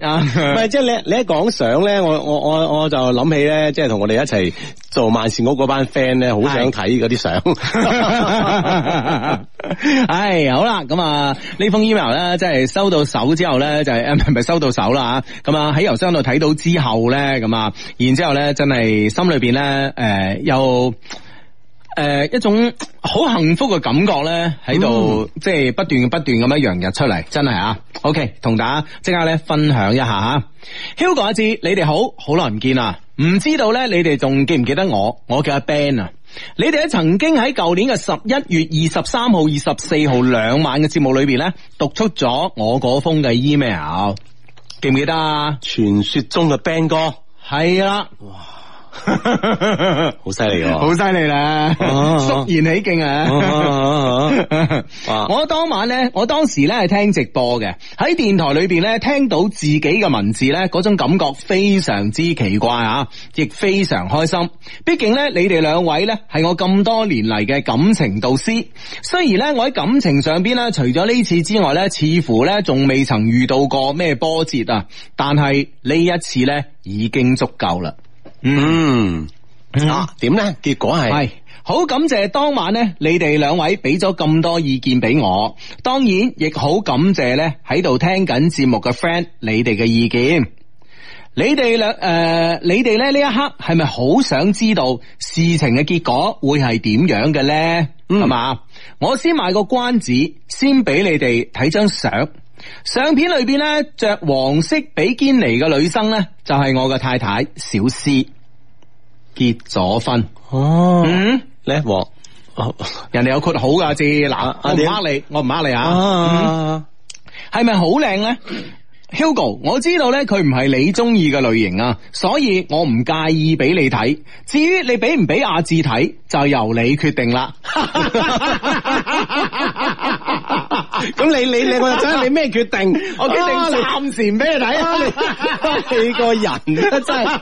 啊，唔係即係你你一講相咧，我我我我就諗起咧、就是 哎啊，即係同我哋一齊做萬事屋嗰班 friend 咧，好想睇嗰啲相。唉，好啦，咁啊，呢封 email 咧，即係收到手之後咧，就係、係、啊，咪收到手啦嚇。咁啊，喺郵箱度睇到之後咧，咁啊，然之後咧，真係心裏邊咧，誒、呃、又～誒、呃，一種好幸福嘅感覺呢，喺度、嗯、即係不斷不斷咁樣洋溢出嚟，真係啊！OK，同大家即刻呢分享一下吓，Hugo 阿志，嗯、你哋好好耐唔見啦，唔知道呢，你哋仲記唔記得我？我叫阿 Ben 啊，你哋曾經喺舊年嘅十一月二十三號、二十四號兩晚嘅節目裏邊呢，讀出咗我嗰封嘅 email，記唔記得啊？傳說中嘅 Ben 哥，係啦、啊。好犀利哦！好犀利啦，肅然起敬啊！我當晚呢，我當時呢係聽直播嘅，喺電台裏邊呢聽到自己嘅文字呢，嗰種感覺非常之奇怪啊，亦非常開心。畢竟呢，你哋兩位呢係我咁多年嚟嘅感情導師。雖然呢，我喺感情上邊呢，除咗呢次之外呢，似乎呢仲未曾遇到過咩波折啊。但係呢一次呢已經足夠啦。嗯，吓、啊，點咧？結果係係好感謝當晚呢，你哋兩位俾咗咁多意見俾我，當然亦好感謝呢喺度聽緊節目嘅 friend，你哋嘅意見，你哋兩誒，你哋咧呢一刻係咪好想知道事情嘅結果會係點樣嘅呢？係嘛、嗯，我先賣個關子，先俾你哋睇張相。相片裏邊咧，着黃色比堅尼嘅女生咧，就係、是、我嘅太太小詩，結咗婚哦。嗯，叻、哦、人哋有括號噶啫。嗱、啊，我唔呃你，我唔呃你啊。係咪好靚咧？Hugo，我知道咧，佢唔係你中意嘅類型啊，所以我唔介意俾你睇。至於你俾唔俾阿志睇，就由你決定啦。 咁你你你，我又睇你咩決定？我決定暫時唔俾你睇啊！你個人真係，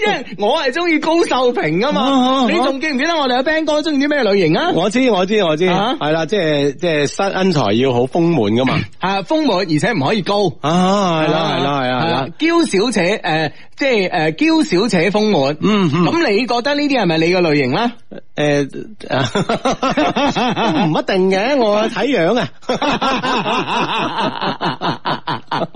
因為我係中意高瘦平噶嘛。你仲記唔記得我哋阿 Band 哥中意啲咩類型啊？我知我知我知吓，係啦，即係即係身身材要好豐滿噶嘛。係豐滿，而且唔可以高。啊，係啦係啦係啦，係啦，嬌小且誒，即係誒，嬌小且豐滿。咁你覺得呢啲係咪你嘅類型咧？誒唔一定嘅，我睇樣啊！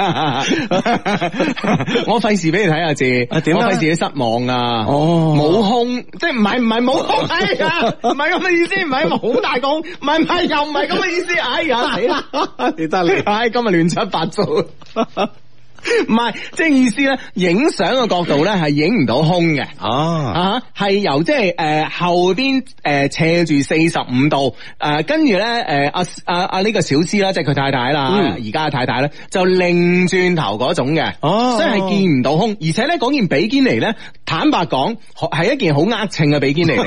我費事俾你睇下字，點費事你失望啊？哦，冇空，哦、即係唔係唔係冇空睇啊？哎呀，唔係咁嘅意思，唔係好大功，唔係又唔係咁嘅意思，哎呀死啦！你得嚟，哎今日亂七八糟。 唔係，即係意思咧，影相嘅角度咧係影唔到空嘅。哦、啊呃呃，啊，係由即係誒後邊誒斜住四十五度，誒跟住咧誒阿阿阿呢個小詩啦，即係佢太太啦，而家嘅太太咧就擰轉頭嗰種嘅。哦、啊，所以係見唔到空，而且咧講件比堅尼咧，坦白講係一件好呃秤嘅比堅尼嚟。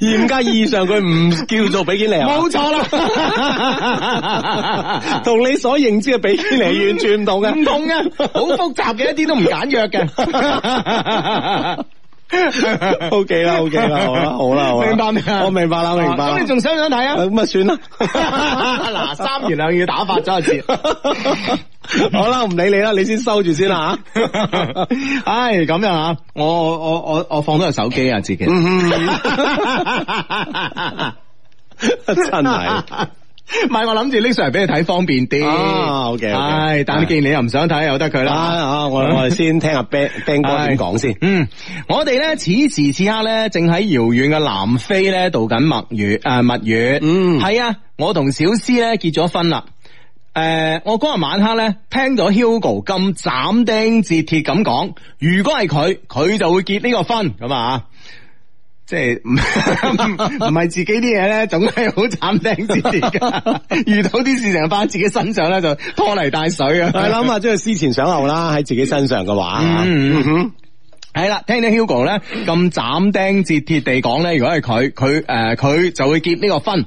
嚴格意義上，佢唔叫做比堅尼，啊。冇錯啦，同你所認知嘅比堅尼，尼完全唔同嘅。痛嘅、 okay okay，好複雜嘅，一啲都唔簡約嘅。O K 啦，O K 啦，好啦，好啦，明我明白未啊？我明白啦，明白。咁你仲想唔想睇啊？咁啊，啊，算啦。嗱， 三言兩語打發咗一次。 好啦，唔理你啦，你先收住先啦，唉，係咁樣啊？我我我我我放咗個手機啊，自己。 真係。唔係我諗住拎上嚟俾你睇方便啲、啊、，OK，係、okay,，但係見你又唔想睇，又的得佢啦。啊、我、嗯、我哋先聽阿 Ben 哥點講先。嗯，我哋咧此時此刻咧，正喺遙遠嘅南非咧度緊墨月，誒、呃、蜜月，嗯，係啊，我同小詩咧結咗婚啦。誒、呃，我嗰日晚黑咧聽到 Hugo 咁斬釘截鐵咁講，如果係佢，佢就會結呢個婚，咁啊。即係唔唔係自己啲嘢咧，總係好斬釘截鐵噶。遇到啲事情翻自己身上咧，就拖泥帶水啊。係諗啊，即係思前想後啦，喺自己身上嘅話。嗯嗯。係、嗯、啦、嗯， 聽聽 Hugo 咧咁斬釘截鐵地講咧，如果係佢佢誒佢就會結個、這個、呢個婚。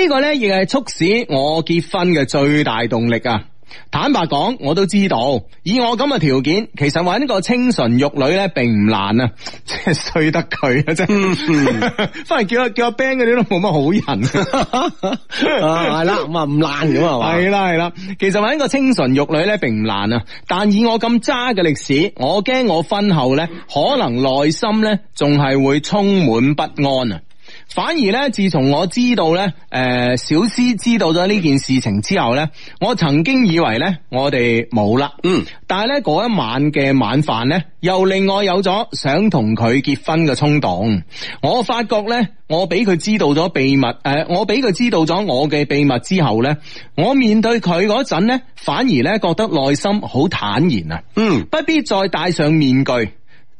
呢個咧亦係促使我結婚嘅最大動力啊！坦白講，我都知道以我咁嘅條件，其實揾個清純玉女咧，並唔難啊。即係衰得佢啊，真翻嚟、嗯、 叫阿叫阿 Ben 嗰啲都冇乜好人啊。係 啦、 啊，咁啊唔難咁係嘛？係啦係啦，其實揾個清純玉女咧，並唔難啊。但以我咁渣嘅歷史，我驚我婚後咧可能內心咧仲係會充滿不安啊。反而咧，自從我知道咧，誒，小詩知道咗呢件事情之後咧，我曾經以為咧，我哋冇啦，嗯，但係咧，嗰一晚嘅晚飯咧，又令我有咗想同佢結婚嘅衝動。我發覺咧，我俾佢知道咗秘密，誒、呃，我俾佢知道咗我嘅秘密之後咧，我面對佢嗰陣咧，反而咧覺得內心好坦然啊，嗯，不必再戴上面具。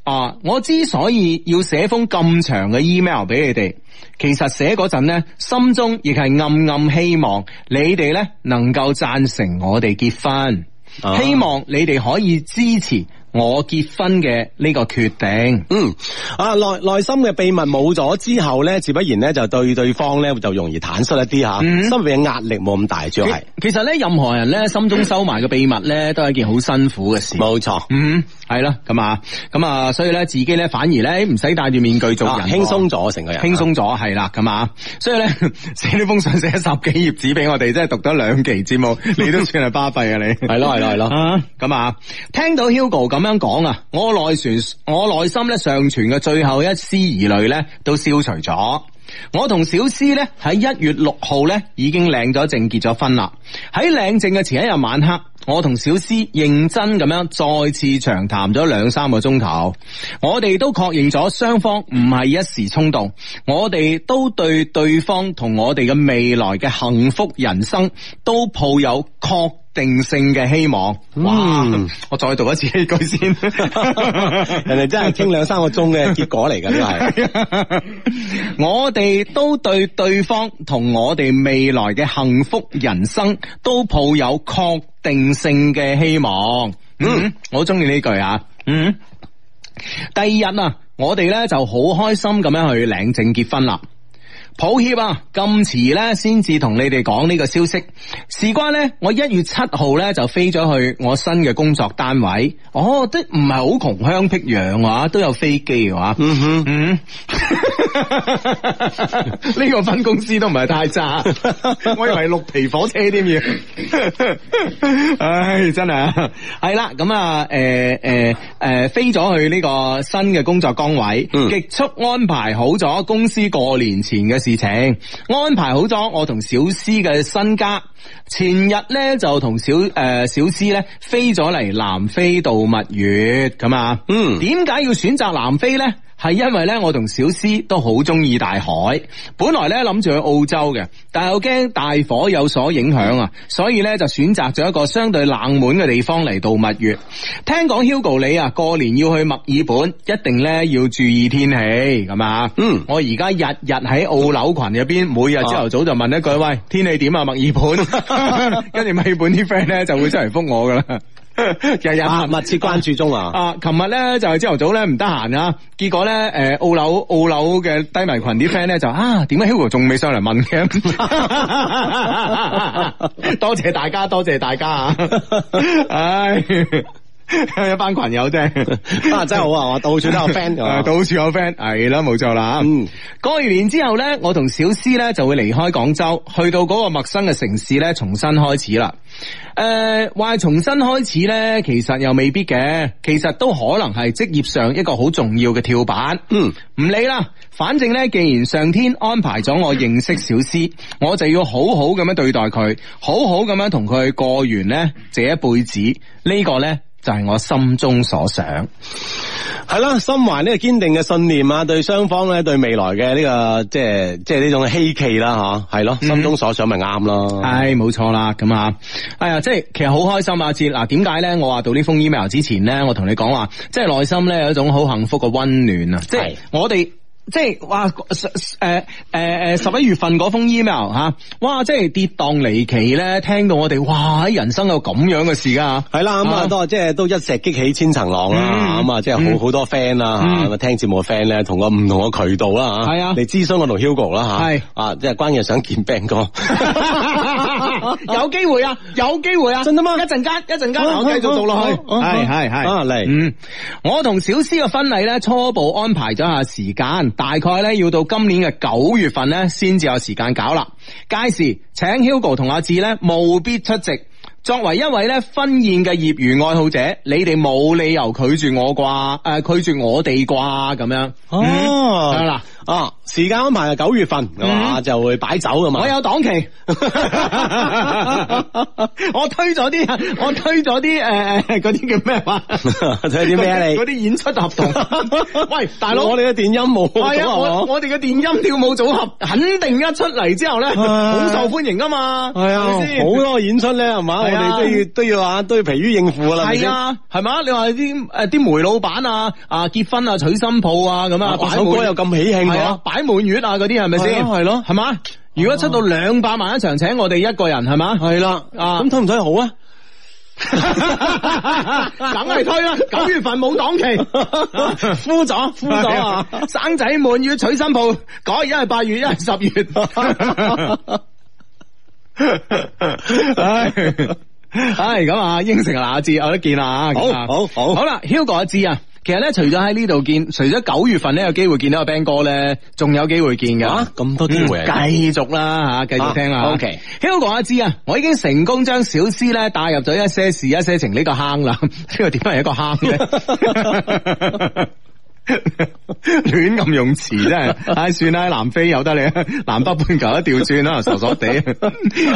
啊！我之所以要寫封咁長嘅 email 俾你哋，其實寫嗰陣咧，心中亦係暗暗希望你哋咧能夠贊成我哋結婚，啊、希望你哋可以支持。我結婚嘅呢個決定，嗯，啊，內內心嘅秘密冇咗之後咧，自不然咧就對對方咧就容易坦率一啲吓，心裏嘅壓力冇咁大，主要係其實咧，任何人咧心中收埋嘅秘密咧都係一件好辛苦嘅事，冇錯，嗯，係啦，咁啊，咁啊，所以咧自己咧反而咧唔使戴住面具做人，輕鬆咗成個人，輕鬆咗係啦，咁啊，所以咧寫呢封信寫十幾頁紙俾我哋，真係讀咗兩期節目，你都算係巴閉啊，你係咯係咯係咯，咁啊，聽到 Hugo 咁。咁樣講啊，我內旋，我內心咧尚存嘅最後一絲疑慮咧都消除咗。我同小詩咧喺一月六號咧已經領咗證結咗婚啦。喺領證嘅前一日晚黑，我同小詩認真咁樣再次長談咗兩三個鐘頭，我哋都確認咗雙方唔係一時衝動，我哋都對對方同我哋嘅未來嘅幸福人生都抱有確。定性嘅希望，哇！嗯、我再讀一次呢句先， 人哋真係傾兩三個鐘嘅結果嚟噶，真係。 我哋都對對方同我哋未來嘅幸福人生都抱有確定性嘅希望。嗯，嗯，我好中意呢句啊。嗯，第二日啊，我哋呢就好開心咁樣去領證結婚啦。抱歉啊，咁遲咧先至同你哋講呢個消息。事關咧，我一月七號咧就飛咗去我新嘅工作單位。哦，都唔係好窮鄉僻壤啊，都有飛機啊。嗯哼，嗯，呢 個分公司都唔係太渣。 我以為綠皮火車添嘢。 唉，真係啊係啦。咁啊，誒誒誒，飛咗去呢個新嘅工作崗位，極、嗯、速安排好咗公司過年前嘅。事情安排好咗，我同小詩嘅身家前日咧就同小誒、呃、小詩咧飛咗嚟南非度蜜月咁啊，嗯，點解要選擇南非咧？係因為咧，我同小詩都好中意大海。本來咧諗住去澳洲嘅，但係我驚大火有所影響啊，所以咧就選擇咗一個相對冷門嘅地方嚟度蜜月。聽講 Hugo 你啊過年要去墨爾本，一定咧要注意天氣，係嘛？嗯，我而家日日喺澳紐群入邊，每日朝頭早就問一句：喂，天氣點啊？墨爾本，跟住墨爾本啲 friend 咧就會出嚟覆我噶啦。日日、啊、密切關注中啊！啊，琴日咧就係朝頭早咧唔得閒啊，結果咧誒，澳樓澳樓嘅低迷群啲 friend 咧就啊，點解 Hugo 仲未上嚟問嘅？ 多謝大家，多謝大家啊！ 唉。 一班群友啫，啊 真係好啊，到處都有 friend，到處有 friend，係啦冇錯啦。 錯嗯，過完年之後呢，我同小詩呢就會離開廣州，去到嗰個陌生嘅城市呢重新開始啦。誒、呃，話重新開始呢，其實又未必嘅，其實都可能係職業上一個好重要嘅跳板。嗯，唔理啦，反正呢，既然上天安排咗我認識小詩，我就要好好咁樣對待佢，好好咁樣同佢過完呢，這一輩子。呢個呢。就係我心中所想，係啦，心懷呢個堅定嘅信念啊，對雙方咧，對未來嘅呢、這個即係即係呢種嘅希冀啦，吓係咯，嗯、心中所想咪啱咯，係冇錯啦，咁、哎、啊，係啊，即係其實好開心啊，杰，嗱，點解咧？我話到呢封 email 之前咧，我同你講話，即係內心咧有一種好幸福嘅溫暖啊，的即係我哋。即係哇，誒誒誒，十一月份嗰封 email 吓，哇，即係跌宕離奇咧！聽到我哋哇喺人生有咁樣嘅事噶吓，係啦，咁啊都係即係都一石激起千層浪啦，咁啊即係好好多 friend 啊吓，聽節目嘅 friend 咧，同個唔同嘅渠道啦吓，係啊你諮詢我同 Hugo 啦吓，係啊即係關鍵想見 Ben 哥，有機會啊，有機會啊，信啊嘛，一陣間一陣間繼續做落去，係係係嚟，嗯，我同小詩嘅婚禮咧初步安排咗下時間。大概咧要到今年嘅九月份咧，先至有時間搞啦。屆時請 Hugo 同阿志咧務必出席。作為一位咧婚宴嘅業餘愛好者，你哋冇理由拒絕我啩？誒、呃，拒絕我哋啩？咁樣哦，嗱、啊。 啊，時間安排係九月份，啊就會擺酒噶嘛。我有檔期，我推咗啲，我推咗啲誒，嗰啲叫咩話？推啲咩嚟？嗰啲演出合同。喂，大佬，我哋嘅電音舞組合，我我哋嘅電音跳舞組合肯定一出嚟之後咧，好受歡迎噶嘛。係啊，好多演出咧，係嘛，我哋都要都要話都要疲於應付啦。係啊，係嘛？你話啲誒啲梅老闆啊啊結婚啊娶新抱啊咁啊，首歌又咁喜慶。係啊，擺滿月啊，嗰啲係咪先？係咯，係嘛？如果出到兩百萬一場，請我哋一個人係嘛？係啦，咁推唔推好啊？梗係推啦，九月份冇檔期，枯咗枯咗啊！生仔滿月娶新抱，講一係八月，一係十月。唉咁啊，應承啊，阿志，我哋見啦，好好好，好啦，Hugo 阿志啊。其實咧，除咗喺呢度見，除咗九月份咧有機會見到阿 Ben 哥咧，仲有機會見嘅。咁、啊啊、多機會，繼、嗯、續啦吓，繼續聽啊。OK，Hugo、okay. 知啊，我已經成功將小 C 咧帶入咗一些事、一些情呢、這個坑啦。呢個點解係一個坑嘅？ 亂咁 用詞真係，唉、 哎，算啦，南非有得你，南北半球都調轉啦，傻傻地。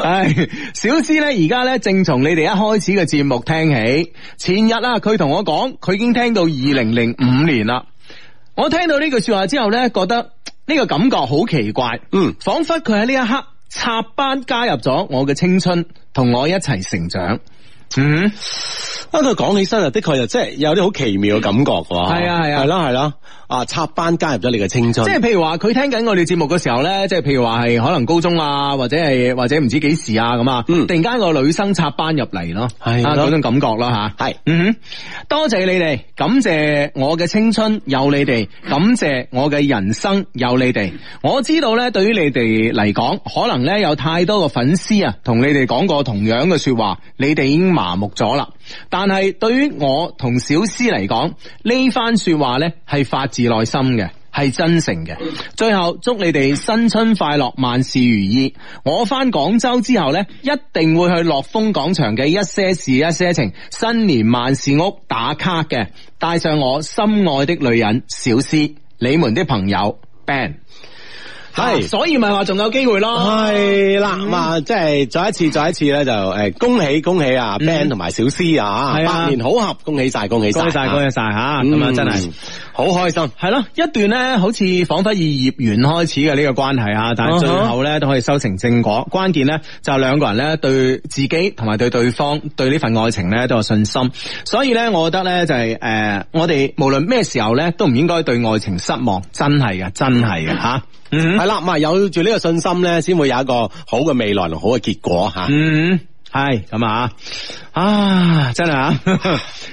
唉、哎，小資呢，而家呢，正從你哋一開始嘅節目聽起。前日啦，佢同我講，佢已經聽到二零零五年啦。我聽到呢句說話之後呢，覺得呢個感覺好奇怪，嗯，仿佛佢喺呢一刻插班加入咗我嘅青春，同我一齊成長。嗯，啊，佢講起身啊，的確又即係有啲好奇妙嘅感覺係、嗯、啊，係啊，係咯、啊，係咯、啊。啊！插班加入咗你嘅青春，即係譬如話佢聽緊我哋節目嘅時候咧，即係譬如話係可能高中啊，或者係或者唔知幾時啊咁啊，嗯、突然間個女生插班入嚟咯，係啦、啊、嗰種感覺咯吓，係、啊，係嗯哼，多謝你哋，感謝我嘅青春有你哋，感謝我嘅人生有你哋，我知道咧，對於你哋嚟講，可能咧有太多個粉絲啊，同你哋講過同樣嘅說話，你哋已經麻木咗啦。但係對於我同小詩嚟講，呢番說話呢係發自內心嘅，係真誠嘅。最後祝你哋新春快樂，萬事如意。我翻廣州之後呢，一定會去樂豐廣場嘅一些事、一些情，新年萬事屋打卡嘅，帶上我心愛的女人小詩，你們的朋友 Ben。係，所以咪話仲有機會咯。係啦，咁啊，即係再一次，再一次咧就誒，恭喜恭喜啊，Ben 同埋、嗯、小 C 啊，百年好合，恭喜晒，恭喜晒，多謝喜，多晒吓，咁、啊嗯、樣真係好開心。係咯，一段咧好似彷彿以孽緣開始嘅呢個關係啊，但係最後咧都可以修成正果。嗯、關鍵咧就兩、是、個人咧對自己同埋對對方，對呢份愛情咧都有信心。所以咧，我覺得咧就係、是、誒、呃，我哋無論咩時候咧都唔應該對愛情失望，真係嘅，真係嘅吓。嗯。嗯啦，嘛有住呢個信心咧，先會有一個好嘅未來同好嘅結果吓。啊、嗯。係咁啊！啊，真係啊，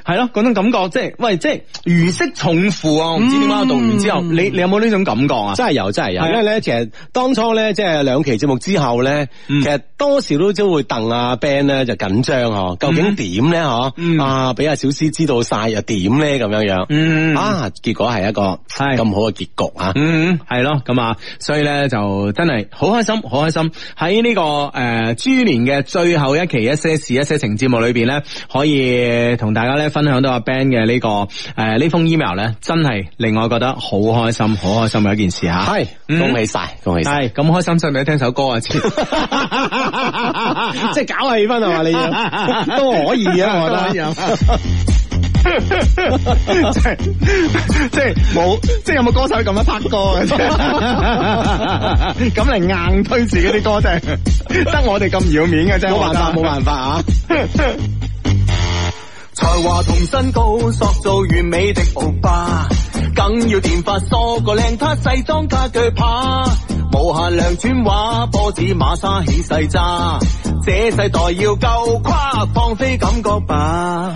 係咯，嗰種感覺，即係喂，即係如釋重負啊！我唔知點解我讀完之後，你你有冇呢種感覺啊？真係有，真係有，因為咧，其實當初咧，即係兩期節目之後咧，其實多少都都會替阿 Ben 咧就緊張嗬，究竟點咧嗬？啊，俾阿小詩知道晒又點咧咁樣樣？嗯，啊，結果係一個係咁好嘅結局啊！嗯，係咯，咁啊，所以咧就真係好開心，好開心喺呢個誒豬年嘅最後一期一些事、一些情節目裏邊咧，可以同大家咧分享到阿 Ben 嘅呢、呢個誒呢、呃、封 email 咧，真係令我覺得好開心、好開心嘅一件事嚇。係，恭喜晒，嗯、恭喜晒！咁開心，想唔想聽首歌啊？ 即係搞下氣氛啊，嘛？你 都可以嘅，我覺得。 即係即係冇即係有冇，就是，歌手咁樣拍歌嘅咁嚟硬推自己啲歌嘅，得我哋咁要面嘅啫，冇辦法冇辦法啊！才華同身高塑造完美的傲巴，更要電髮梳個靚，他細裝家具趴，無限量轉畫波子馬沙起細渣，這世代要夠誇放飛感覺吧。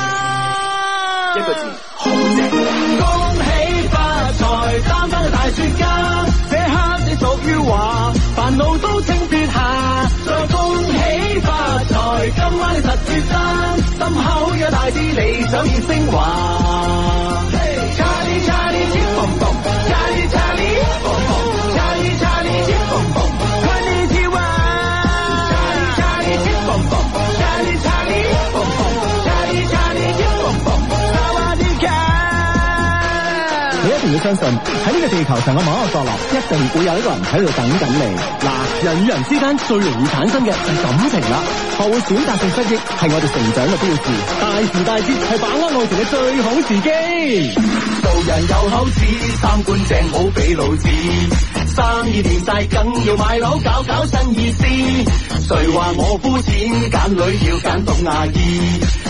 一個字，好正星！恭喜發財，擔翻個大雪茄。這刻你屬於我，煩惱都清撇下。再恭喜發財，今晚你實貼單，心口有大啲理想現升華。.相信喺呢個地球上嘅某一個角落，一定會有一個人喺度等緊你。嗱、啊，人與人之間最容易產生嘅係感情啦。學會選擇性失憶，係我哋成長嘅標誌。大時大節是大非係把握愛情嘅最好時機。做人有口齒，三觀正好比老子。生意墊晒，更要買樓，搞搞新意思。誰話我膚淺？揀女要揀懂阿姨。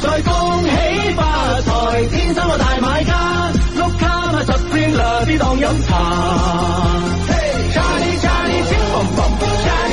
再恭喜發財，天生個大買家，碌卡嘛十千啦，兩支當飲茶。嘿，咖喱咖喱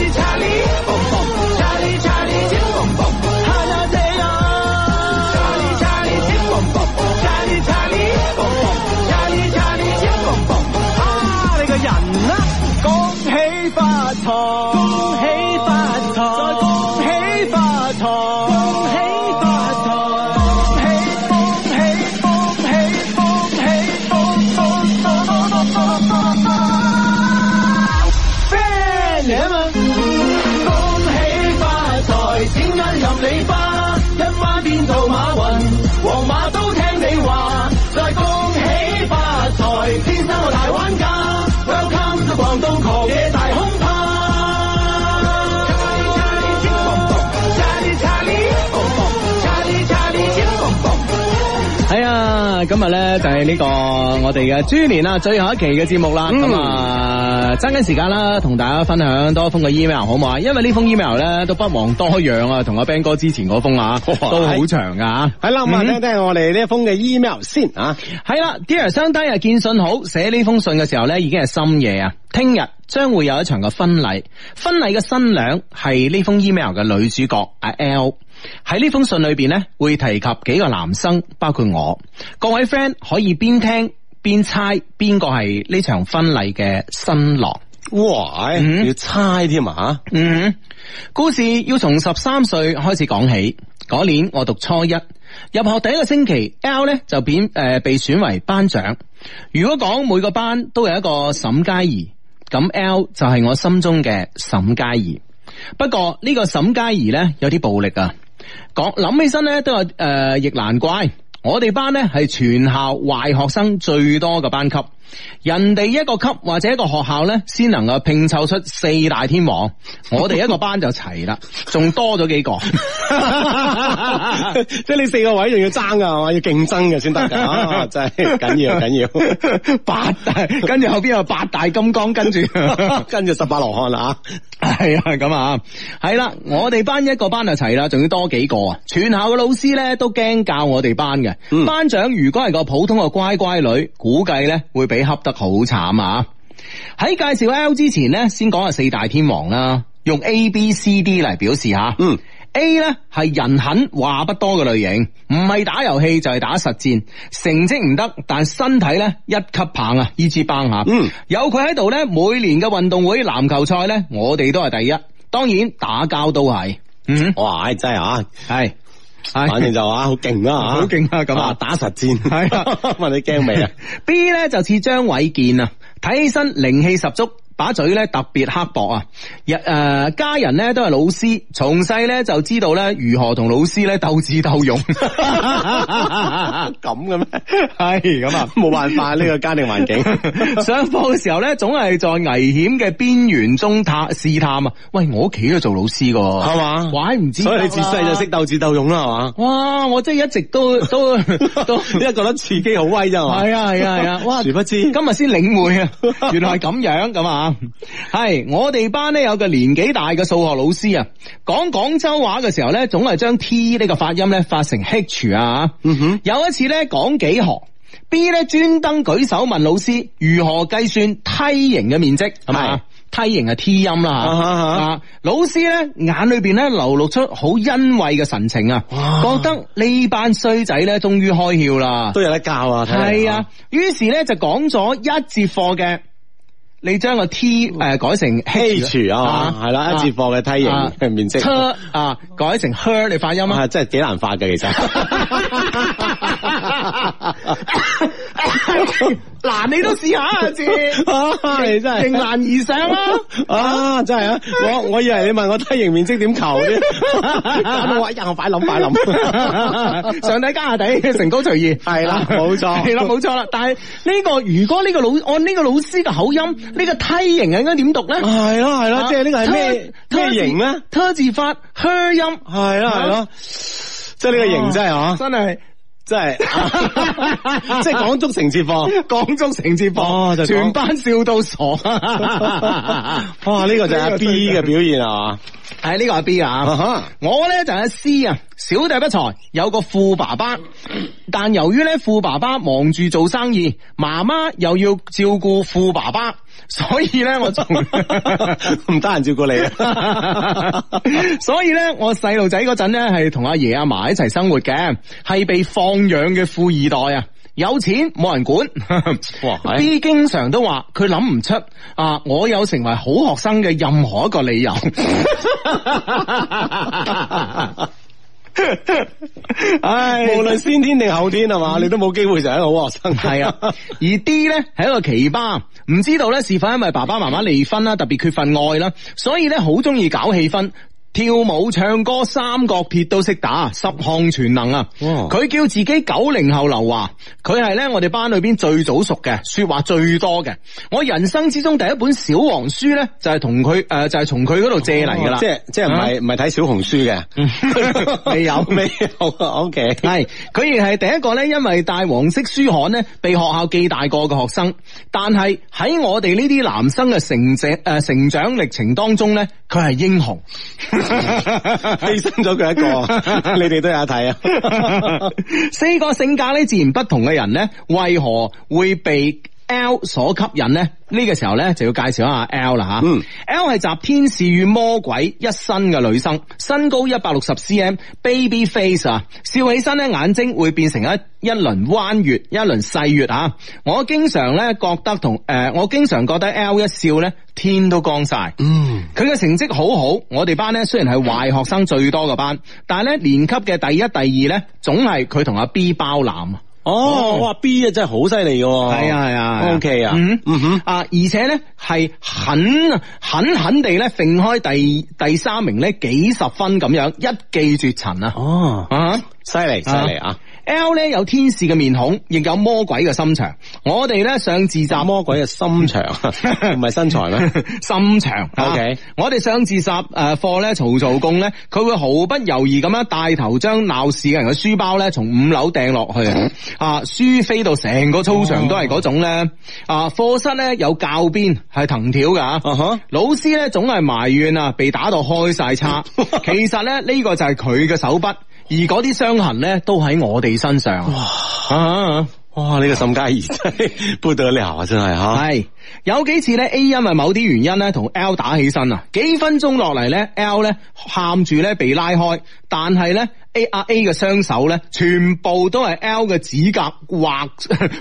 就係呢個我哋嘅豬年啊最後一期嘅節目、嗯啊、啦，咁啊爭緊時間啦，同大家分享多一封嘅 email 好唔好啊？因為呢封 email 咧，都不忘多樣啊，同阿 Ben 哥之前嗰封啊，都好長噶。係啦，我哋聽聽我哋呢封嘅 email 先啊。係啦，Dear 相低啊，啊 ai, 見信好。寫呢封信嘅時候咧，已經係深夜啊。聽日將會有一場嘅婚禮，婚禮嘅新娘係呢封 email 嘅女主角阿 L。喺呢封信裏邊咧，會提及幾個男生，包括我，各位 friend 可以邊聽邊猜邊個係呢場婚禮嘅新郎。哇，嗯、哼要猜添啊！嗯，故事要從十三歲開始講起。嗰年我讀初一，入學第一個星期，L 呢就變誒、呃、被選為班長。如果講每個班都有一個沈佳宜，咁 L 就係我心中嘅沈佳宜。不過呢個沈佳宜呢，有啲暴力啊。講諗起身咧，都係誒、亦、呃、難怪我哋班咧係全校壞學生最多嘅班級。.人哋一個級或者一個學校咧，先能夠拼湊出四大天王。我哋一個班就齊啦，仲多咗幾個。即係你四個位仲要爭噶，係嘛要競爭嘅先得。真係緊要緊要。 八大跟住後邊有八大金剛， 跟住跟住十八羅漢啦。吓係啊咁啊。係啦，我哋班一個班就齊啦，仲要多幾個啊。全校嘅老師咧都驚教我哋班嘅。班，嗯、班長如果係個普通嘅乖乖女，估計咧會俾。恰得好慘啊！喺介紹 L 之前呢，先講下四大天王啦，用 A B C D 嚟表示吓。嗯，A 呢係人狠話不多嘅類型，唔係打遊戲就係打實戰，成績唔得，但身體呢，一級棒啊，依支棒吓。嗯，有佢喺度呢，每年嘅運動會籃球賽呢，我哋都係第一，當然打交都係。嗯，哇，真係啊，係。係，反正就話好勁啊，吓好勁啊，咁 啊，啊打實戰，係、啊、 問你驚未啊？B 咧就似張偉健啊，睇起身靈氣十足。把嘴咧特別刻薄啊！日誒，家人咧都係老師，從細咧就知道咧如何同老師咧鬥智鬥勇。咁嘅咩？係咁啊，冇辦法呢、這個家庭環境。 上課嘅時候咧，總係在危險嘅邊緣中試探試探啊！喂，我屋企都做老師㗎，係嘛吧？怪唔知以所以你自細就識鬥智鬥勇啦，係嘛？哇！我真係一直都都都，只 覺得自己好威咋嘛？係 啊係啊係啊，啊！哇！殊不知今日先領會啊，原來係咁樣咁啊！ 係我哋班咧有個年紀大嘅數學老師啊，講廣州話嘅時候咧，總係將 T 呢個發音咧發成 H 啊。嗯、哼，有一次咧講幾何，B 咧專登舉手問老師如何計算梯形嘅面積，係咪梯形係 T 音啦？吓、啊啊！老師咧眼裏邊咧流露出好欣慰嘅神情哇啊，覺得呢班衰仔咧終於開竅啦，都有得教啊。係啊，於是咧就講咗一節課嘅。你將個 T 誒、呃、改成 H 啊係啦，一節課嘅梯形嘅面積啊，改成 H，e r、啊、你發音啊，真係幾難發嘅其實。 嗱， 你都試下字啊！你真係迎難而上啦！啊，真係啊！ 我我以為你問我梯形面積點求咧、 啊，我呀快諗快諗， 上底加下底，成高隨意，係 啦，冇 錯，係啦、這個，冇錯啦。但係呢個如果呢、這個老按呢個老師嘅口音，呢、這個梯形應該點讀咧？係啦，係啦，即係呢個係咩咩形咧？梯字法，h 音，係啦， 係啦，即係呢個形真係嗬，真係。啊、 即係，即係講足成節課，講足成節課，哦就是、全班笑到傻。哇、 啊，呢、這個就係阿 B 嘅表現係嘛？係呢個阿 B 啊，uh huh. 我咧就阿 C 啊，小弟不才，有個富爸爸，但由於咧富爸爸忙住做生意，媽媽又要照顧富爸爸，所以咧我仲唔得閒照顧你啊， 所以咧我細路仔陣咧係同阿爺阿嫲一齊生活嘅，係被放養嘅富二代啊。有錢冇人管，D 哇 D 經常都話佢諗唔出啊！我有成為好學生嘅任何一個理由。唉、 哎，無論先天定後天係嘛， 你都冇機會成為好學生。係 啊，而 D 咧係一個奇葩，唔知道咧是否因為爸爸媽媽離婚啦，特別缺乏愛啦，所以咧好中意搞氣氛。跳舞、唱歌、三角鐵都識打，十項全能啊！佢哇叫自己九零後劉華，佢係咧我哋班裏邊最早熟嘅，說話最多嘅。我人生之中第一本小黃書咧，就係同佢誒，就係從佢嗰度借嚟噶啦。即係即係唔係唔係睇小紅書嘅，你有 未有。O K，係佢亦係第一個咧，因為帶黃色書刊呢，被學校記大過嘅學生。但係喺我哋呢啲男生嘅成，成長誒成長歷程當中咧，佢係英雄。 犧牲咗佢一個，你哋都有睇啊！四個性格咧截然不同嘅人咧，為何會被 L 所吸引呢，呢、呢個時候呢，就要介紹一下 L 啦吓。Mm. L 係集天使與魔鬼一身嘅女生，身高一百六十 cm，baby face 啊，笑起身呢，眼睛會變成一一輪彎月，一輪細月啊。我經常咧覺得同誒、呃，我經常覺得 L 一笑呢，天都光晒。嗯，佢嘅成績好好，我哋班呢，雖然係壞學生最多嘅班，但係呢，年級嘅第一、第二呢，總係佢同阿 B 包攬。哦，哇 B、哦、啊，真係好犀利嘅，係啊係啊，O K 啊，嗯哼、okay 啊、嗯哼，嗯哼啊，而且咧係狠，狠狠地咧甩開第第三名咧幾十分咁樣，一騎絕塵、哦、啊，哦，啊，犀利犀利啊。L 咧有天使嘅面孔，亦有魔鬼嘅心腸。我哋咧上自習魔鬼嘅心腸，唔係 身材咩？心腸腸。O Okay . K，、uh, 我哋上自習誒課咧曹操公咧，佢會毫不猶豫咁樣帶頭將鬧事嘅人嘅書包咧從五樓掟落去啊！啊、uh，huh. uh, 書飛到成個操場都係嗰種咧啊！課、uh, 室咧有教鞭係藤條噶、uh huh. 老師咧總係埋怨啊被打到開晒叉， 其實咧呢個就係佢嘅手筆。而嗰啲傷痕咧，都喺我哋身上哇。哇！哇！呢個沈佳怡真係不得了啊，真係吓。係。有幾次咧，A 因為某啲原因咧，同 L 打起身啊，幾分鐘落嚟咧，L 咧喊住咧被拉開，但係咧 A 啊 A 嘅雙手咧，全部都係 L 嘅指甲劃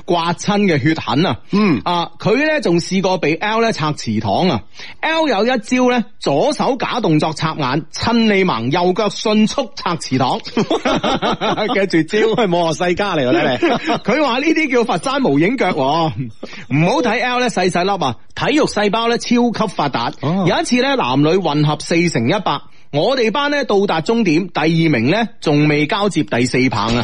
刮親嘅血痕、嗯、啊！嗯啊，佢咧仲試過被 L 咧拆祠堂啊！L 有一招咧，左手假動作插眼，趁你盲，右腳迅速拆祠堂，嘅絕 招係網絡世家嚟嘅嚟，佢話呢啲叫佛山無影腳，唔好睇 L 咧細。細粒啊，體育細胞咧超級發達。有一次咧，男女混合四乘一百，我哋班咧到達終點第二名咧，仲未交接第四棒啊！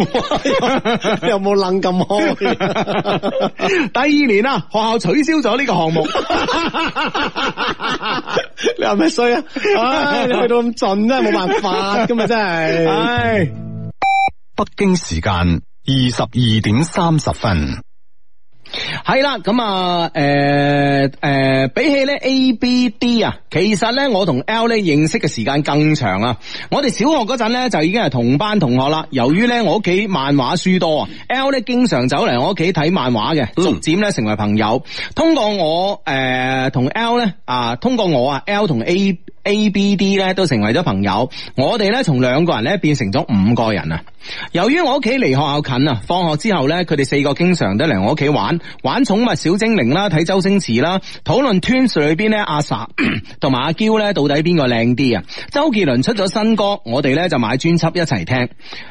有冇楞咁開？ 第二年啊，學校取消咗呢個項目。 你係咩衰啊？唉、哎，你去到咁盡真係冇辦法噶嘛，真係。哎、北京時間二十二點三十分。係啦，咁啊，誒誒、呃呃呃，比起咧 A、B、D 啊，其實咧我同 L 咧認識嘅時間更長啊！我哋小學嗰陣咧就已經係同班同學啦。由於咧我屋企漫畫書多啊，嗯，L 咧經常走嚟我屋企睇漫畫嘅，逐漸咧成為朋友。嗯、通過我誒同、呃、L 咧啊，通過我啊 L 同 A、A、B、D 咧都成為咗朋友。我哋咧從兩個人咧變成咗五個人啊！由於我屋企離學校近啊，放學之後咧佢哋四個經常都嚟我屋企玩。玩寵物小精靈啦，睇周星馳啦，討論 Twins 裏邊咧阿 Sa 同埋阿嬌咧，到底邊個靚啲啊？周杰倫出咗新歌，我哋咧就買專輯一齊聽。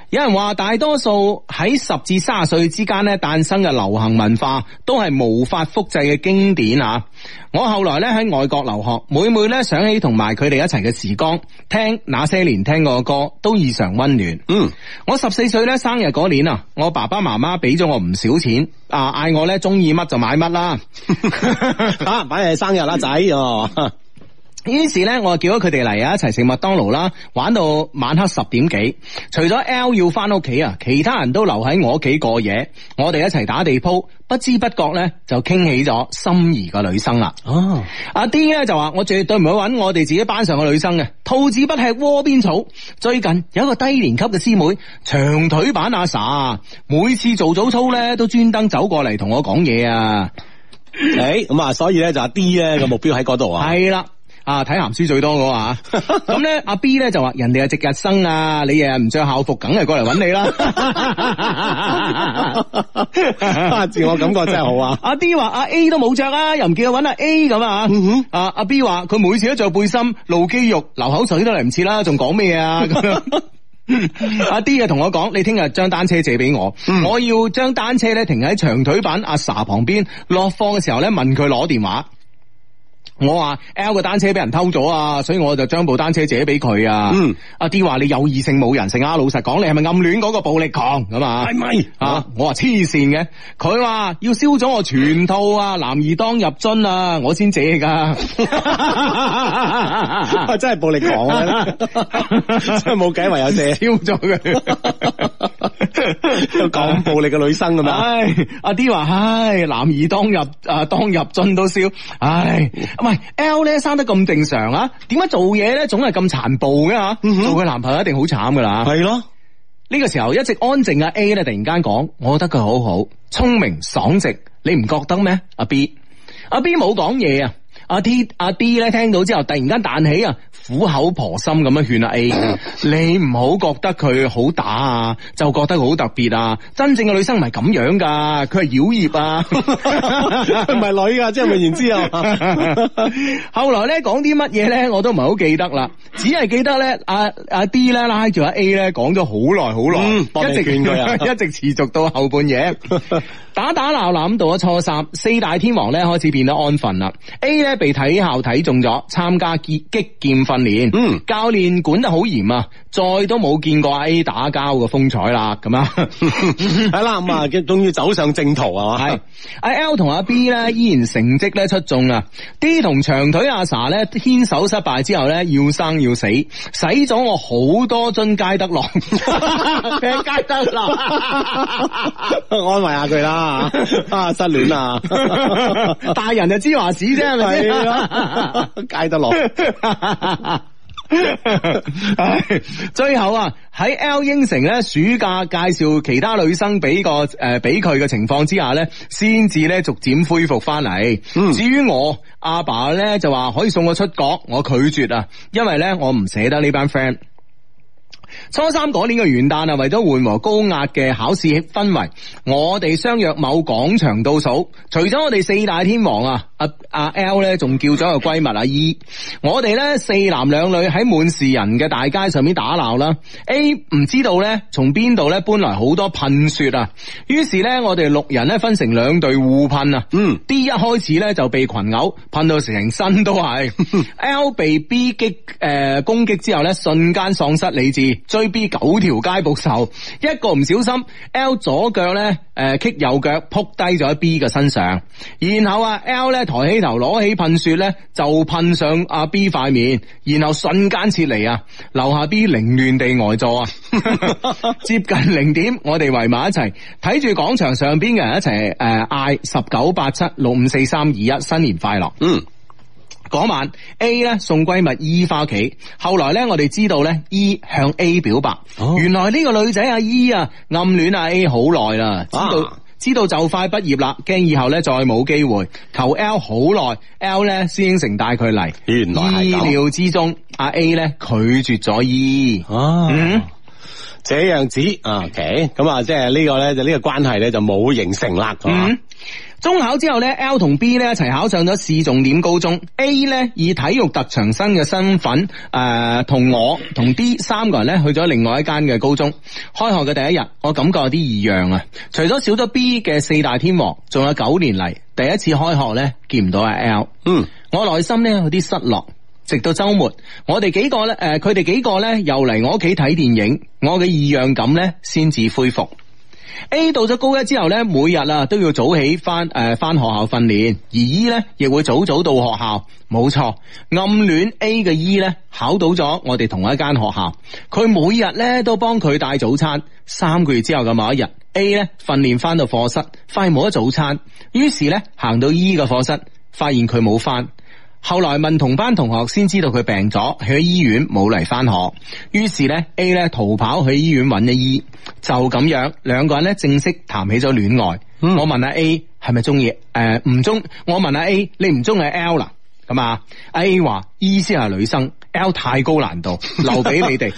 有人話大多數喺十至三十歲之間咧誕生嘅流行文化都係無法複製嘅經典啊！我後來咧喺外國留學，每每咧想起同埋佢哋一齊嘅時光，聽那些年聽過嘅歌都異常溫暖。嗯，我十四歲咧生日嗰年啊，我爸爸媽媽俾咗我唔少錢 啊，嗌我咧中意乜就買乜啦。啊，反正生日啦，仔。 於是咧，我就叫咗佢哋嚟，啊，一齊食麥當勞啦，玩到晚黑十點幾。除咗 L 要翻屋企啊，其他人都留喺我屋企過夜。我哋一齊打地鋪，不知不覺咧就傾起咗心儀個女生啦。哦，阿 D 咧就話：我絕對唔會揾我哋自己班上嘅女生嘅。兔子不吃窩邊草。最近有一個低年級嘅師妹，長腿版阿 Sa，每次做早操咧都專登走過嚟同我講嘢啊。誒，咁 啊、哎，所以咧就阿 D 咧個目標喺嗰度啊。係啦。 啊，睇咸書最多我話、啊，咁咧 阿 B 咧就話人哋係值日生啊，你日日唔着校服，梗係過嚟揾你啦、啊。 自我感覺真係好啊。阿、啊、D 話阿、啊、A 都冇着啊，又唔見佢揾阿 A 咁啊。嗯、哼啊阿 B 話佢每次都着背心露肌肉流口水都嚟唔切啦，仲講咩啊？咁樣。阿 D 又同我講，你聽日將單車借俾我，嗯、我要將單車咧停喺長腿版阿 Sa 旁邊，落課嘅時候咧問佢攞電話。我話 L 個單車俾人偷咗啊，所以我就將部單車借俾佢啊。嗯，阿 D 話你有異性冇人性，啊，老實講，你係咪暗戀嗰個暴力狂咁啊？係咪啊？我話黐線嘅，佢話要燒咗我全套啊，男兒當入樽啊，我先借噶。 真係暴力狂啊，真係冇計，唯有借燒咗佢。咁 暴力嘅女生咁啊？唉，阿 D 話唉，男兒當入啊，當入樽都燒唉。喂，L 咧生得咁正常啊？點解做嘢咧總係咁殘暴嘅、啊、吓？嗯、哼做佢男朋友一定好慘噶啦。係咯的，呢個時候一直安靜啊。A 咧突然間講，我覺得佢好好，聰明爽直，你唔覺得咩？阿 B，阿、啊、B 冇講嘢啊。阿 T 阿 D 咧聽到之後，突然間彈起啊，苦口婆心咁樣勸阿 A， 你唔好覺得佢好打啊，就覺得好特別啊，真正嘅女生唔係咁樣噶，佢係妖孽啊，唔 係 女啊，即係未然之後。 後來咧講啲乜嘢咧，我都唔係好記得啦，只係記得咧阿阿 D 咧拉住阿、啊、A 咧講咗好耐好耐，嗯、一直佢，一直持續到後半夜，打打鬧鬧咁到咗初三，四大天王咧開始變得安分啦 ，A 咧。被體校睇中咗，參加劍擊訓練，嗯，教練管得好嚴啊，再都冇見過 A 打交嘅風采樣、 哎、啦，咁啊，啊啦，咁啊，終於走上正途啊，係，A、啊、L 同阿、啊、B 咧依然成績咧出眾啊，D 同長腿阿 Sir 咧牽手失敗之後咧要生要死，使咗我好多樽佳得樂，俾佳得樂安慰下佢啦，啊，失戀啊， 大人就知華事啫，係咪是 戒得落下笑，最後啊喺 L 應承咧，暑假介紹其他女生俾個誒俾佢嘅情況之下咧，先、嗯、至咧逐漸恢復翻嚟。至於我阿爸咧就話可以送我出國，我拒絕啊，因為咧我唔捨得呢班 friend。初三嗰年嘅元旦啊，為咗緩和高壓嘅考試氛圍，我哋相約某廣場倒數。除咗我哋四大天王啊，阿、啊、阿 L 咧，仲叫咗個閨蜜阿 E。我哋咧四男兩女喺滿是人嘅大街上面打鬧啦。A 唔知道咧，從邊度咧搬來好多噴雪啊。於是咧，我哋六人咧分成兩隊互噴啊。嗯，D 一開始咧就被群毆，噴到成身都係。嗯、L 被 B 擊誒、呃、攻擊之後咧，瞬間喪失理智。追 B 九條街報仇，一個唔小心 L 左腳呢誒，kick、呃、右腳撲低咗喺 B 嘅身上，然後啊 L 呢，抬起頭攞起噴雪呢，就噴上阿、啊、B 塊面，然後瞬間撤離啊，留下 B 凌亂地呆、呃、坐啊， 接近零點，我哋圍埋一齊睇住廣場上邊嘅人一齊誒嗌十九八七六五四三二一新年快樂，嗯。嗰晚 A 咧送閨蜜 E 返屋企，後來咧我哋知道咧 E 向 A 表白，原來呢個女仔阿 E 啊暗戀阿 A 好耐啦，知道知道就快畢業啦，驚以後咧再冇機會求 L 好耐，L 咧先應承帶佢嚟，原來意料之中，阿 A 咧拒絕咗 E 哦、啊，嗯，這樣子啊，OK，咁啊即係呢個咧就呢個關係咧就冇形成啦，嗯。中考之後咧，L 同 B 咧一齊考上咗市重點高中，A 咧以體育特長生嘅身份，誒、呃，同我同 D 三個人咧去咗另外一間嘅高中。開學嘅第一日，我感覺有啲異樣啊，除咗少咗 B 嘅四大天王，仲有九年嚟第一次開學咧見唔到阿 L。嗯，我內心咧有啲失落。直到周末，我哋幾個咧，誒、呃，佢哋幾個咧又嚟我屋企睇電影，我嘅異樣感咧先至恢復。A 到咗高一之後呢，每日啊都要早起翻誒翻學校訓練，而 E 呢亦會早早到學校。冇錯，暗戀 A 嘅 E 呢考到咗我哋同一間學校，佢每日呢都幫佢帶早餐。三個月之後嘅某一日，A 呢訓練翻到課室，發現冇得早餐，於是呢，行到 E 嘅課室，發現佢冇翻。後來問同班同學，先知道佢病咗，去咗醫院冇嚟翻學。於是咧，A 咧逃跑去醫院揾咗 E，就咁樣兩個人咧正式談起咗戀愛。我問下 A 係咪中意？誒，唔中。我問下 A，你唔中意 L 啦。咁啊，A 話 E 先係女生，L 太高難度，留俾你哋。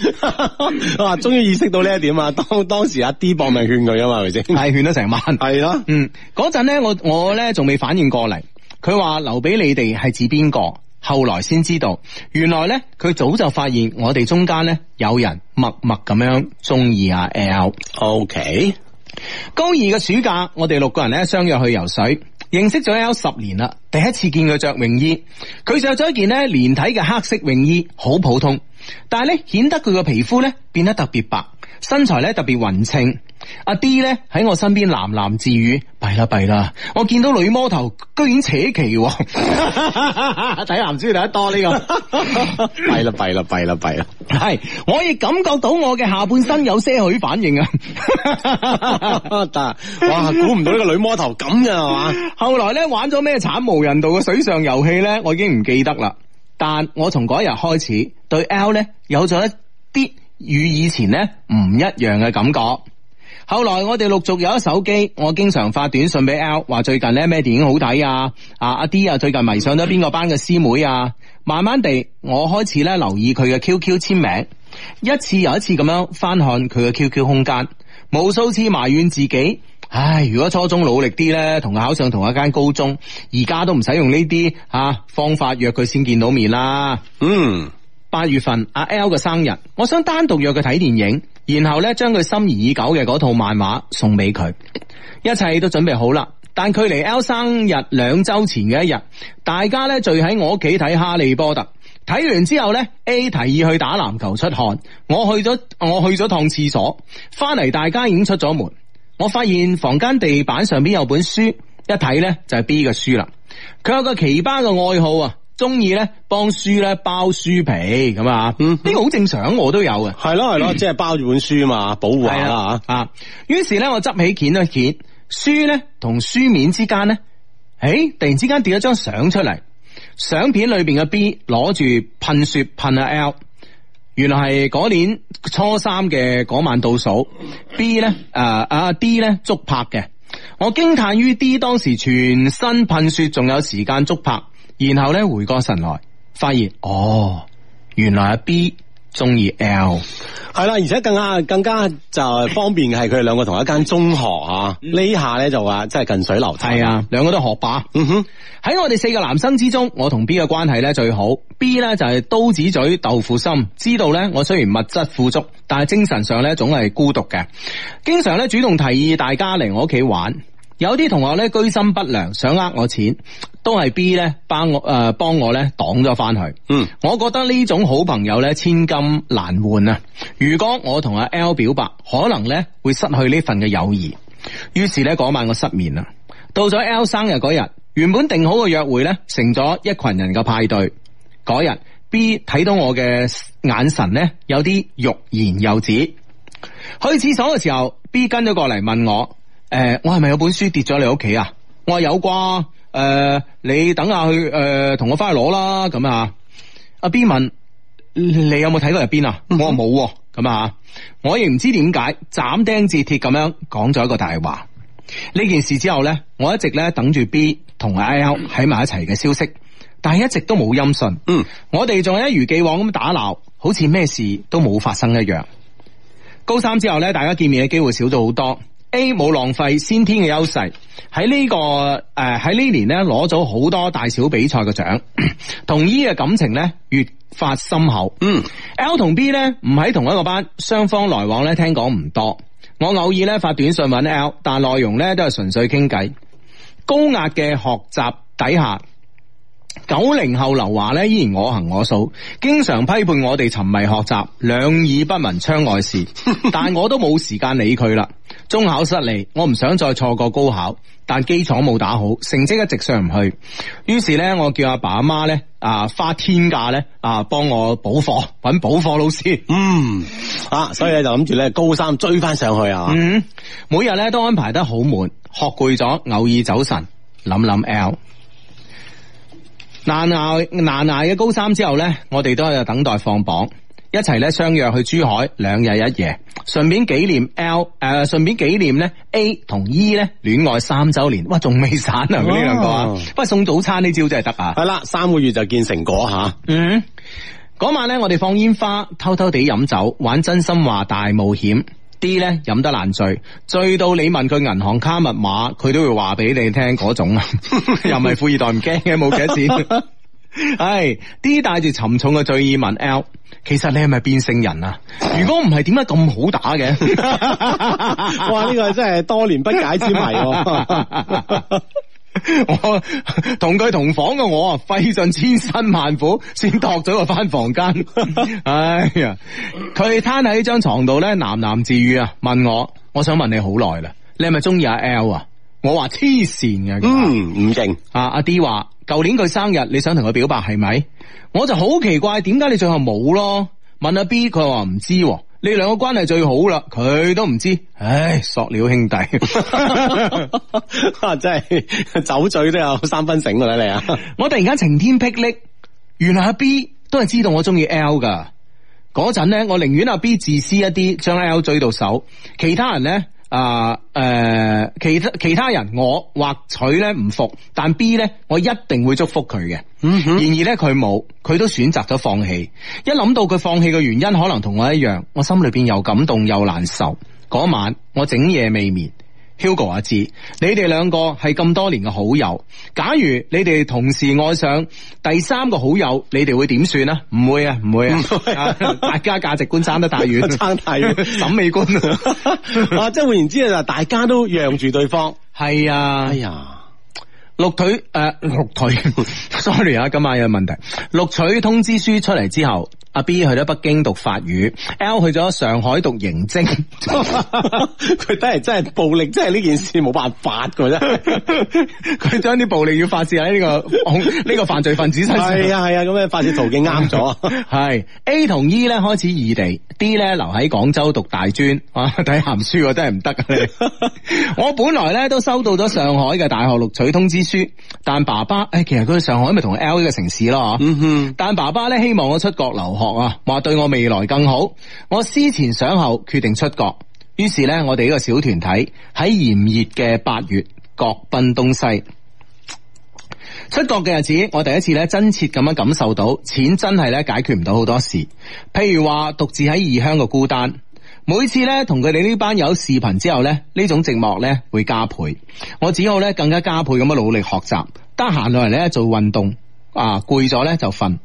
哇，終於意識到呢一點啊！當當時阿 D 搏命勸佢啊嘛，係咪先？係勸咗成晚。係咯的。 嗯，嗰陣咧，我我咧仲未反應過嚟。佢話留俾你哋係指邊個？後來先知道，原來呢，佢早就發現我哋中間呢，有人默默咁樣中意阿 L。O.K. 高二嘅暑假，我哋六個人呢，相約去游水，認識咗 L 十年啦，第一次見佢着泳衣，佢着咗一件呢連體嘅黑色泳衣，好普通，但係呢顯得佢個皮膚呢變得特別白。身材咧特別勻稱，阿 D 咧喺我身邊喃喃自語：弊啦，弊啦，我見到女魔頭居然扯旗，啊，睇男主第一多呢個，弊啦弊啦弊啦弊啦，係， 我亦感覺到我嘅下半身有些許反應啊。 哇，估唔到呢個女魔頭咁樣係嘛？ 後來咧玩咗咩慘無人道嘅水上遊戲咧，我已經唔記得啦。但我從嗰一日開始對 L 咧有咗一啲與以前咧唔一樣嘅感覺。後來我哋陸續有一手機，我經常發短信俾 L，話最近咧咩電影好睇啊，啊阿 D 啊最近迷上咗邊個班嘅師妹啊。慢慢地，我開始咧留意佢嘅 QQ 簽名，一次又一次咁樣翻看佢嘅 QQ 空間，無數次埋怨自己，唉，如果初中努力啲咧，同佢考上同一間高中，而家都唔使用呢啲啊方法約佢先見到面啦。嗯。八月份阿 L 嘅生日，我想單獨約佢睇電影，然後咧將佢心儀已久嘅嗰套漫畫送俾佢，一切都準備好啦。但距離 L 生日兩週前嘅一日，大家咧聚喺我屋企睇《哈利波特》，睇完之後咧 A 提議去打籃球出汗，我去咗我去咗趟廁所，翻嚟，大家已經出咗門，我發現房間地板上邊有本書，一睇咧就係 B 嘅書啦，佢有個奇葩嘅愛好啊。中意咧，幫書咧包書皮咁啊，嗯，呢個好正常，我都有嘅。係咯係咯，即係包住本書嘛，保護下啦吓啊。於是咧，我執起件，咧，件書咧同書面之間咧，誒、欸，突然之間掉咗張相出嚟，相片裏邊嘅 B 攞住噴雪噴啊 L，原來係嗰年初三嘅嗰晚倒數 B 咧，誒、呃、啊 D 咧捉拍嘅，我驚嘆於 D 當時全身噴雪，仲有時間捉拍。然後咧回過神來，發現哦，原來阿 B 中意 L，係啦，而且更加更加就方便係佢哋兩個同一間中學啊。呢、嗯、下咧就話真係近水樓台。係啊，兩個都學霸。嗯哼，喺我哋四個男生之中，我同 B 嘅關係咧最好。B 咧就係刀子嘴豆腐心，知道咧我雖然物質富足，但係精神上咧總係孤獨嘅，經常咧主動提議大家嚟我屋企玩。有啲同學咧居心不良，想呃我錢，都係 B 咧幫我誒幫、呃、我咧擋咗翻去。嗯，我覺得呢種好朋友咧千金難換啊。如果我同阿 L 表白，可能咧會失去呢份嘅友誼。於是咧嗰晚我失眠啦。到咗 L 生日嗰日，原本定好嘅約會咧，成咗一群人嘅派對。嗰日 B 睇到我嘅眼神咧，有啲欲言又止。去廁所嘅時候，B 跟咗過嚟問我。誒、呃，我係咪有本書跌咗你屋企啊？我話有啩，誒，你等下去誒，同、呃、我翻去攞啦，咁啊。阿 B 問你，你有冇睇過入邊啊？我話冇，咁啊，我亦唔知點解斬釘截鐵咁樣講咗一個大話。呢件事之後咧，我一直咧等住 B 同阿 L 喺埋一齊嘅消息，但係一直都冇音訊。嗯，我哋仲係一如既往咁打鬧，好似咩事都冇發生一樣。高三之後咧，大家見面嘅機會少咗好多。A 冇浪費先天嘅優勢，喺、這個呃、呢個誒喺呢年呢攞咗好多大小比賽嘅獎，同依嘅感情呢，越發深厚。嗯，L 同 B 呢，唔喺同一個班，雙方來往呢聽講唔多。我偶爾呢，發短信問 L，但係內容呢，都係純粹傾偈。高壓嘅學習底下。九零後劉華呢，依然我行我素，經常批判我哋沉迷學習，兩耳不聞窗外事。 但係我都冇時間理佢啦。中考失利，我唔想再錯過高考，但基礎冇打好，成績一直上唔去。於是呢，我叫阿爸阿媽呢，啊，花天價呢，啊，幫我補課，揾補課老師。嗯，啊，所以就諗住呢，高三追翻上去啊。嗯，每日呢，都安排得好悶，學攰咗，偶爾走神，諗諗 L。難熬難捱嘅高三之後呢，我哋都喺度等待放榜，一齊呢，相約去珠海兩日一夜，順便紀念 L 誒、呃，順便紀念呢 A 同 E 呢戀愛三周年，哇，仲未散啊呢兩個啊，不過、哦、送早餐呢招真係得啊，係啦，三個月就見成果吓，嗯，嗰晚呢，我哋放煙花，偷偷地飲酒，玩真心話大冒險。D 咧飲得爛醉，醉到你問佢銀行卡密碼，佢都會話俾你聽嗰種啊， 又唔係富二代唔驚嘅冇幾多錢。係 D 帶住沉重嘅醉意問 L，其實你係咪變性人啊？ 如果唔係，點解咁好打嘅？我話呢個真係多年不解之謎啊。 我同佢同房嘅我啊，費盡千辛萬苦先度咗個返房間。 哎呀，佢攤喺呢張床度咧，喃喃自語啊，問我，我想問你好耐啦，你係咪中意阿 L、嗯、啊？我話黐線嘅，嗯，唔勁啊。阿 D 話舊年佢生日，你想同佢表白係咪？我就好奇怪，點解你最後冇咯？問阿 B，佢話唔知。你哋兩個關係最好啦，佢都唔知，唉，塑料兄弟。 啊、真係酒醉都有三分醒噶啦你啊！我突然間晴天霹靂，原來阿 B 都係知道我中意 L 噶。嗰陣咧，我寧願阿 B 自私一啲，將 L 追到手。其他人咧。啊，誒、uh, uh，其他其他人我或許咧唔服，但 B 咧我一定會祝福佢嘅。Uh huh. 然而咧佢冇，佢都選擇咗放棄。一諗到佢放棄嘅原因，可能同我一樣，我心裏邊又感動又難受。嗰晚我整夜未眠。Hugo 阿志，你哋兩個係咁多年嘅好友，假如你哋同時愛上第三個好友，你哋會點算呢？唔會啊，唔會啊，大家價值觀差得太遠， 差太遠，審美觀 啊，即係換言之就大家都讓住對方。係啊，哎呀，六腿誒，六腿，sorry 啊， Sorry，今晚有問題，錄取通知書出嚟之後。B 去咗北京讀法語，L 去咗上海讀刑偵，佢 真係真係暴力，真係呢件事冇辦法噶啫。佢將啲暴力要發洩喺呢個呢、呢個犯罪分子身上。係啊係啊，咁、啊、樣發洩途徑啱咗。係 A 同 E 咧，開始異地，D 咧,留喺廣州讀大專。哇， 睇鹹書真係唔得啊！ 我本來咧都收到咗上海嘅大學錄取通知書，但爸爸誒，其實佢去上海咪同 L 呢個城市咯 但爸爸咧希望我出國留學。話對我未來更好，我思前想後決定出國。於是咧，我哋呢個小團體喺炎熱嘅八月，各奔東西。出國嘅日子，我第一次咧真切咁樣感受到錢真係咧解決唔到好多事，譬如話獨自喺異鄉嘅孤單。每次咧同佢哋呢班有視頻之後呢，呢種寂寞咧會加倍。我只好咧更加加倍咁樣努力學習，得閒落嚟咧做運動啊，攰咗咧就瞓。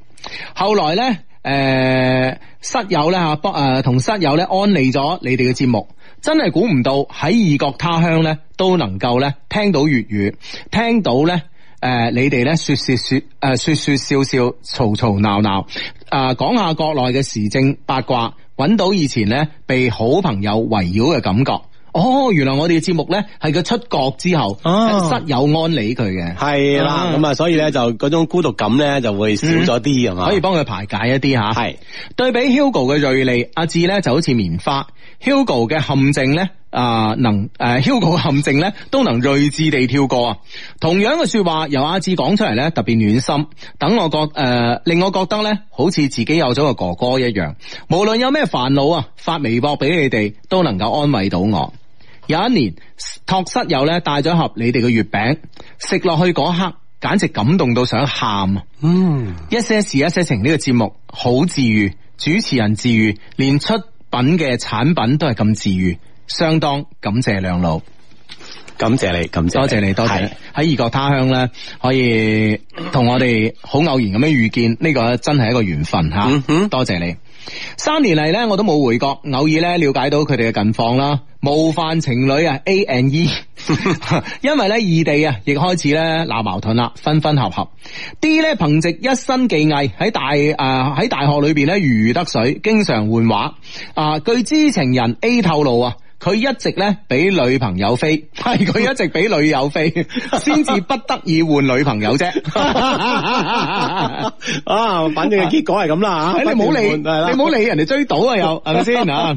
後來咧。誒、呃、室友咧嚇，不誒同室友咧安利咗你哋嘅節目，真係估唔到喺異國他鄉咧都能夠咧聽到粵語，聽到咧誒、呃、你哋咧說說說誒說説笑笑嘈嘈鬧鬧，啊，講下國內嘅時政八卦，揾到以前咧被好朋友圍繞嘅感覺。哦，原來我哋嘅節目咧係佢出國之後室友、啊、安理佢嘅，係啦的，咁啊，所以咧就嗰種孤獨感咧就會少咗啲啊嘛，可以幫佢排解一啲吓。係是對比 Hugo 嘅銳利，阿志咧就好似棉花。Hugo 嘅陷阱咧啊、呃，能誒、呃、，Hugo 嘅陷阱咧都能睿智地跳過啊。同樣嘅說話由阿志講出嚟咧，特別暖心。等我覺誒、呃，令我覺得咧，好似自己有咗個哥哥一樣。無論有咩煩惱啊，發微博俾你哋都能夠安慰到我。有一年託室友咧帶咗盒你哋嘅月餅食落去嗰刻，簡直感動到想喊啊！嗯，一些事一些情呢個節目好治癒，主持人治癒，連出品嘅產品都係咁治癒，相當感謝兩老，感謝你，感謝你，多謝你，多謝你，喺異是國他鄉咧，可以同我哋好偶然咁樣遇見，呢個真係一個緣分吓，嗯哼，多謝你。三年嚟咧，我都冇回國，偶爾咧了解到佢哋嘅近況啦。模範情侶啊，A and E， 因為咧異地啊，亦開始咧鬧矛盾啦，分分合合。D 咧憑藉一身技藝喺大誒喺、呃、大學裏邊咧如魚得水，經常換畫。啊、呃，據知情人 A 透露啊。佢一直咧俾女朋友飛，係佢一直俾女友飛，先至不得已換女朋友啫。啊，反正嘅結果係咁啦吓，你唔好理，你唔好理人哋追到啊又係咪先啊？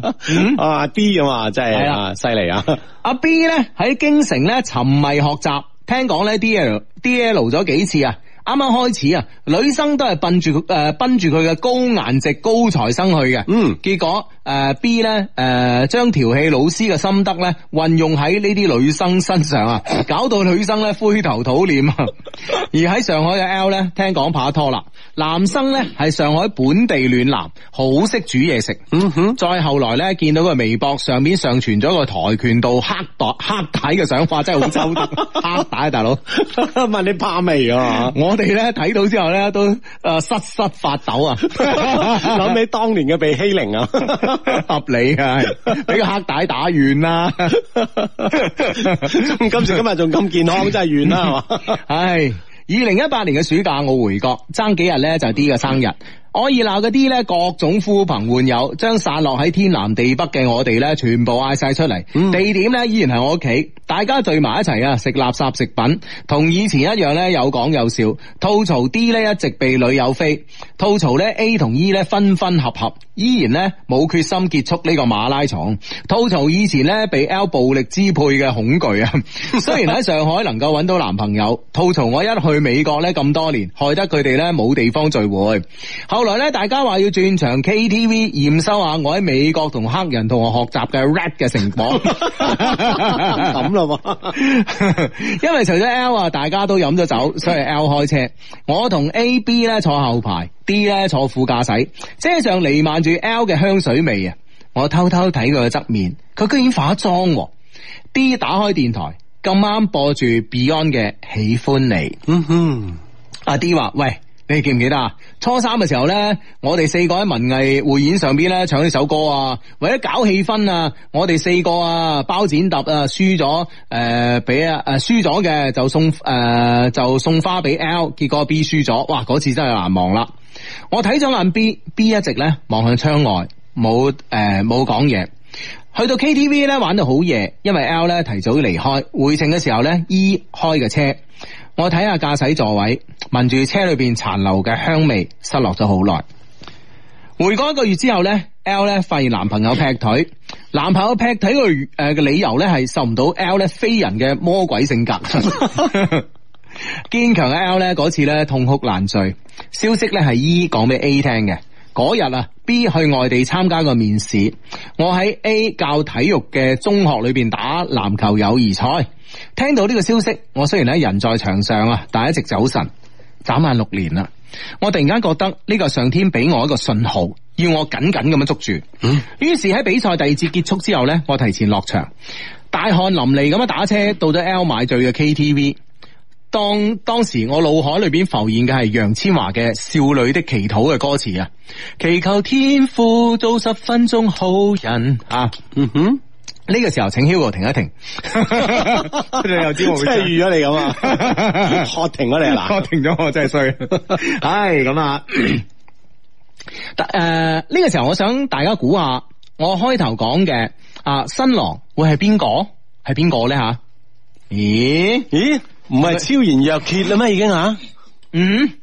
啊 B 啊嘛，真係啊犀利啊！阿 B 咧喺京城咧沉迷學習，聽講咧 DL DL 咗幾次啊！啱啱開始啊，女生都係奔住誒、呃、奔住佢嘅高顏值、高材生去嘅。嗯，結果誒、呃、B 呢誒將調戲老師嘅心得呢運用喺呢啲女生身上啊，搞到女生呢灰頭土臉啊。 而喺上海嘅 L 呢，聽講拍拖啦。男生咧係上海本地暖男，好識煮嘢食。嗯哼，再後來咧，見到個微博上面上傳咗個跆拳道黑袋黑帶嘅想法，真係好周到。黑帶 大佬， 問你怕未啊？我哋咧睇到之後咧都誒瑟瑟發抖啊！諗 起當年嘅被欺凌啊， 合理啊，俾個黑帶打完啦。今時今日仲咁健康，真係完啦係嘛？唉。 二零一八年嘅暑假，我回國爭幾日咧，就係 D 嘅生日。可以鬧嗰啲咧，各種呼朋喚友，將散落喺天南地北嘅我哋咧，全部嗌晒出嚟。嗯、地點咧依然係我屋企，大家聚埋一齊啊，食垃圾食品，同以前一樣咧，有講有笑，吐槽 D 咧一直被女友飛，吐槽咧 A 同 E 咧分分合合，依然咧冇決心結束呢個馬拉松。吐槽以前咧被 L 暴力支配嘅恐懼啊！雖然喺上海能夠揾到男朋友， 吐槽我一去美國咧咁多年，害得佢哋咧冇地方聚會。後。後來咧，大家話要轉場 KTV 驗收下我喺美國同黑人同學學習嘅 rap 嘅成果咁咯。因為除咗 L 啊，大家都飲咗酒，所以 L 開車，我同 A B 咧坐後排，D 咧坐副駕駛。車上彌漫住 L 嘅香水味啊！我偷偷睇佢嘅側面，佢居然化妝。 D 打開電台，咁啱播住 Beyond 嘅喜歡你。嗯哼，阿 D 話喂，你記唔記得啊？初三嘅時候呢，我哋四個喺文藝匯演上邊呢唱呢首歌啊，為咗搞氣氛啊，我哋四個啊包剪揼啊輸咗，誒、呃，俾啊誒輸咗嘅就送誒、呃、就送花俾 L，結果 B 輸咗，哇，嗰次真係難忘啦！我睇咗眼 B，B 一直呢望向窗外，冇誒冇講嘢。去到 K T V 呢，玩到好夜，因為 L 呢提早離開，回程嘅時候呢 E 開嘅車。我睇下駕駛座位，聞住車裏邊殘留嘅香味，失落咗好耐。回港一個月之後咧，L 呢發現男朋友劈腿，男朋友劈腿個誒嘅理由咧係受唔到 L 呢非人嘅魔鬼性格。堅強嘅 L 呢嗰次咧痛哭難睡，消息咧係 E 講俾 A 聽嘅。嗰日啊，B 去外地參加個面試，我喺 A 教體育嘅中學裏邊打籃球友誼賽。聽到呢個消息，我雖然咧人在場上啊，但係一直走神，眨眼六年啦。我突然間覺得呢、這個上天俾我一個信號，要我緊緊咁樣捉住。於、嗯、是喺比賽第二節結束之後呢，我提前落場，大汗淋漓咁樣打車到咗 L 買醉嘅 K T V。當當時我腦海裏邊浮現嘅係楊千嬅嘅《少女的祈禱》嘅歌詞啊，嗯、祈求天父做十分鐘好人啊。嗯哼。呢個時候請 Hugo 停一停， 你又知我即係預咗你咁啊？吓，停咗你嗱，吓停咗我真係衰。唉，咁啊。誒，呢個時候我想大家估下，我開頭講嘅啊新郎會係邊個？係邊個咧？吓？咦咦？唔係超然若揭啦咩？已經吓？嗯，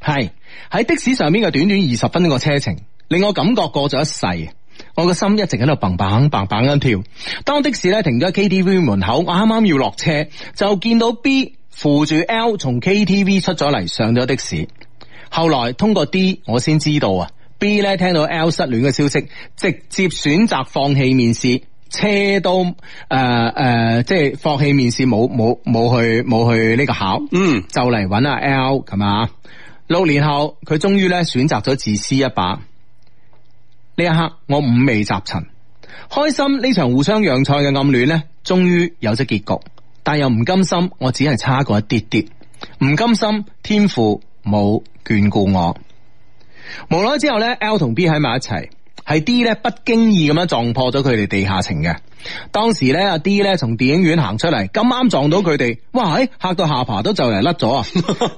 係喺的士上邊嘅短短二十分個車程，令我感覺過咗一世。我個心一直喺度砰棒，棒棒咁跳。當的士咧，停咗 KTV 門口，我啱啱要落車，就見到 B 扶住 L 從 KTV 出咗嚟，上咗的士。後來通過 D，我先知道啊。B 咧，聽到 L 失戀嘅消息，直接選擇放棄面試，車都誒誒、呃呃，即係放棄面試，冇冇冇去冇去呢個考，嗯，就嚟搵阿 L 係嘛。六年後，佢終於咧選擇咗自私一把。呢一刻我五味雜陳，開心呢場互相陽菜嘅暗戀呢，終於有咗結局，但又唔甘心，我只係差過一啲啲，唔甘心天父冇眷顧我。無奈之後呢，L 同 B 喺埋一齊，係 D 呢，不經意咁樣撞破咗佢哋地下情嘅。當時呢，阿 D 呢，從電影院行出嚟，咁啱撞到佢哋，哇！嚇到下巴都就嚟甩咗啊！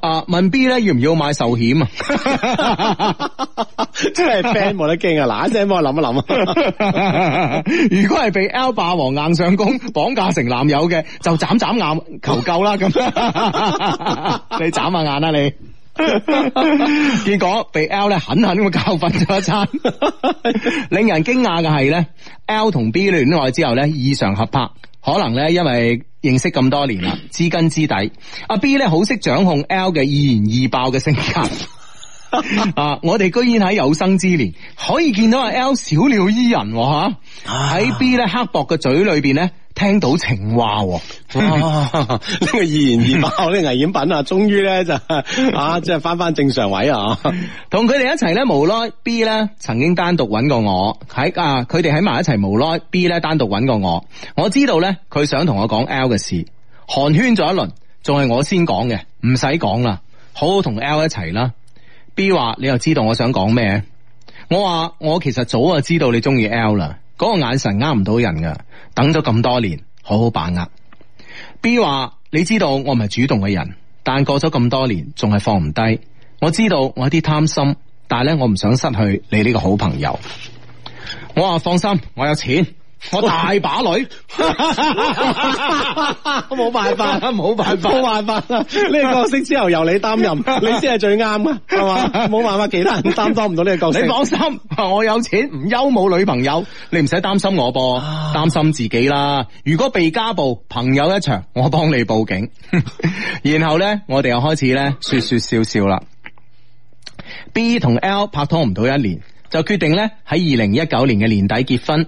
啊，問 B 呢，要唔要買壽險啊？ 真係 friend 冇得驚啊！嗱，一聲幫我諗一諗啊！ 如果係被 L 霸王硬上弓綁架成男友嘅，就眨眨眼求救啦！咁 你眨下眼啦你！ 結果被 L 咧，狠狠咁教訓咗一餐。 令人驚訝嘅係咧，L 同 B 戀愛之後咧，異常合拍，可能咧，因為認識咁多年啦，知根知底。阿 B 咧好識掌控 L 嘅易燃易爆嘅性格。 啊！ 我哋居然喺有生之年可以見到阿 L 小鳥依人吓，喺 B 咧刻薄嘅嘴裏邊咧聽到情話，哇！ 而呢個易燃易爆呢危險品啊，終於咧就啊，即係翻翻正常位啊，同佢哋一齊咧無耐 B 咧曾經單獨揾過我喺啊，佢哋喺埋一齊無耐 B 咧單獨揾過我，我知道咧佢想同我講 L 嘅事，寒暄咗一輪，仲係我先講嘅，唔使講啦，好好同 L 一齊啦。B 話，你又知道我想講咩？我話我其實早就知道你中意 L 啦，嗰個眼神呃唔到人噶。等咗咁多年，好好把握。B 話，你知道我唔係主動嘅人，但過咗咁多年仲係放唔低。我知道我有啲貪心，但係咧我唔想失去你呢個好朋友。我話，放心，我有錢。我大把女，冇 辦法，冇辦法，冇辦法。呢個角色之後由你擔任， 你先係最啱啊。係嘛？冇 辦法，其他人擔當唔到呢個角色。 你放心，我有錢，唔憂冇女朋友，你唔使擔心我噃，擔心自己啦。如果被家暴，朋友一場，我幫你報警。 然後咧，我哋又開始咧說說笑笑啦。B 同 L 拍拖唔到一年，就決定咧喺二零一九年嘅年底結婚。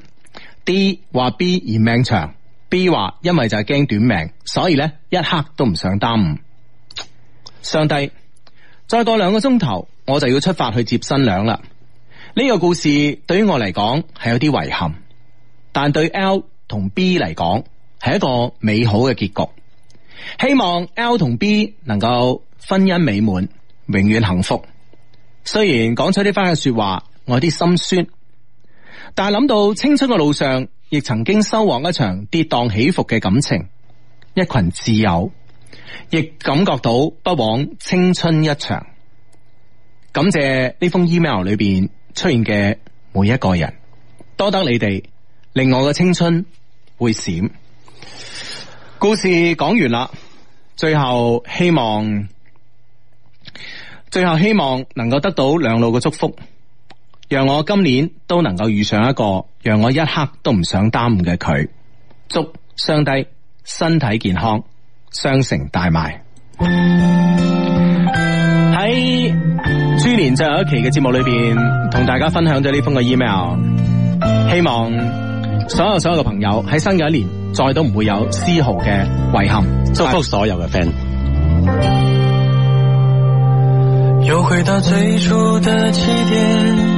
D 話 B 嫌命長，B 話因為就係驚短命，所以咧一刻都唔想耽誤。上帝，再過兩個鐘頭我就要出發去接新娘啦。呢個故事對於我嚟講係有啲遺憾，但對 L 同 B 嚟講係一個美好嘅結局。希望 L 同 B 能夠婚姻美滿，永遠幸福。雖然講出呢番嘅說話，我有啲心酸。但係諗到青春嘅路上，亦曾經收穫一場跌宕起伏嘅感情，一群摯友，亦感覺到不枉青春一場。感謝呢封 email 裏邊出現嘅每一個人，多得你哋令我嘅青春會閃。故事講完啦，最後希望，最後希望能夠得到兩老嘅祝福。讓我今年都能夠遇上一個讓我一刻都唔想耽誤嘅佢。祝雙低身體健康，雙成大賣。喺豬 年最後一期嘅節目裏邊，同大家分享咗呢封嘅 email，希望所有所有嘅朋友喺新嘅一年再都唔會有絲毫嘅遺憾。祝福所有嘅 friend。 又回到最初的起點。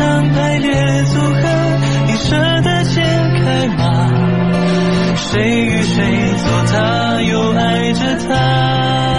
排列組合，你捨得解開嗎？誰與誰坐？他，又愛着她。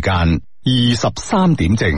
時間二十三點正。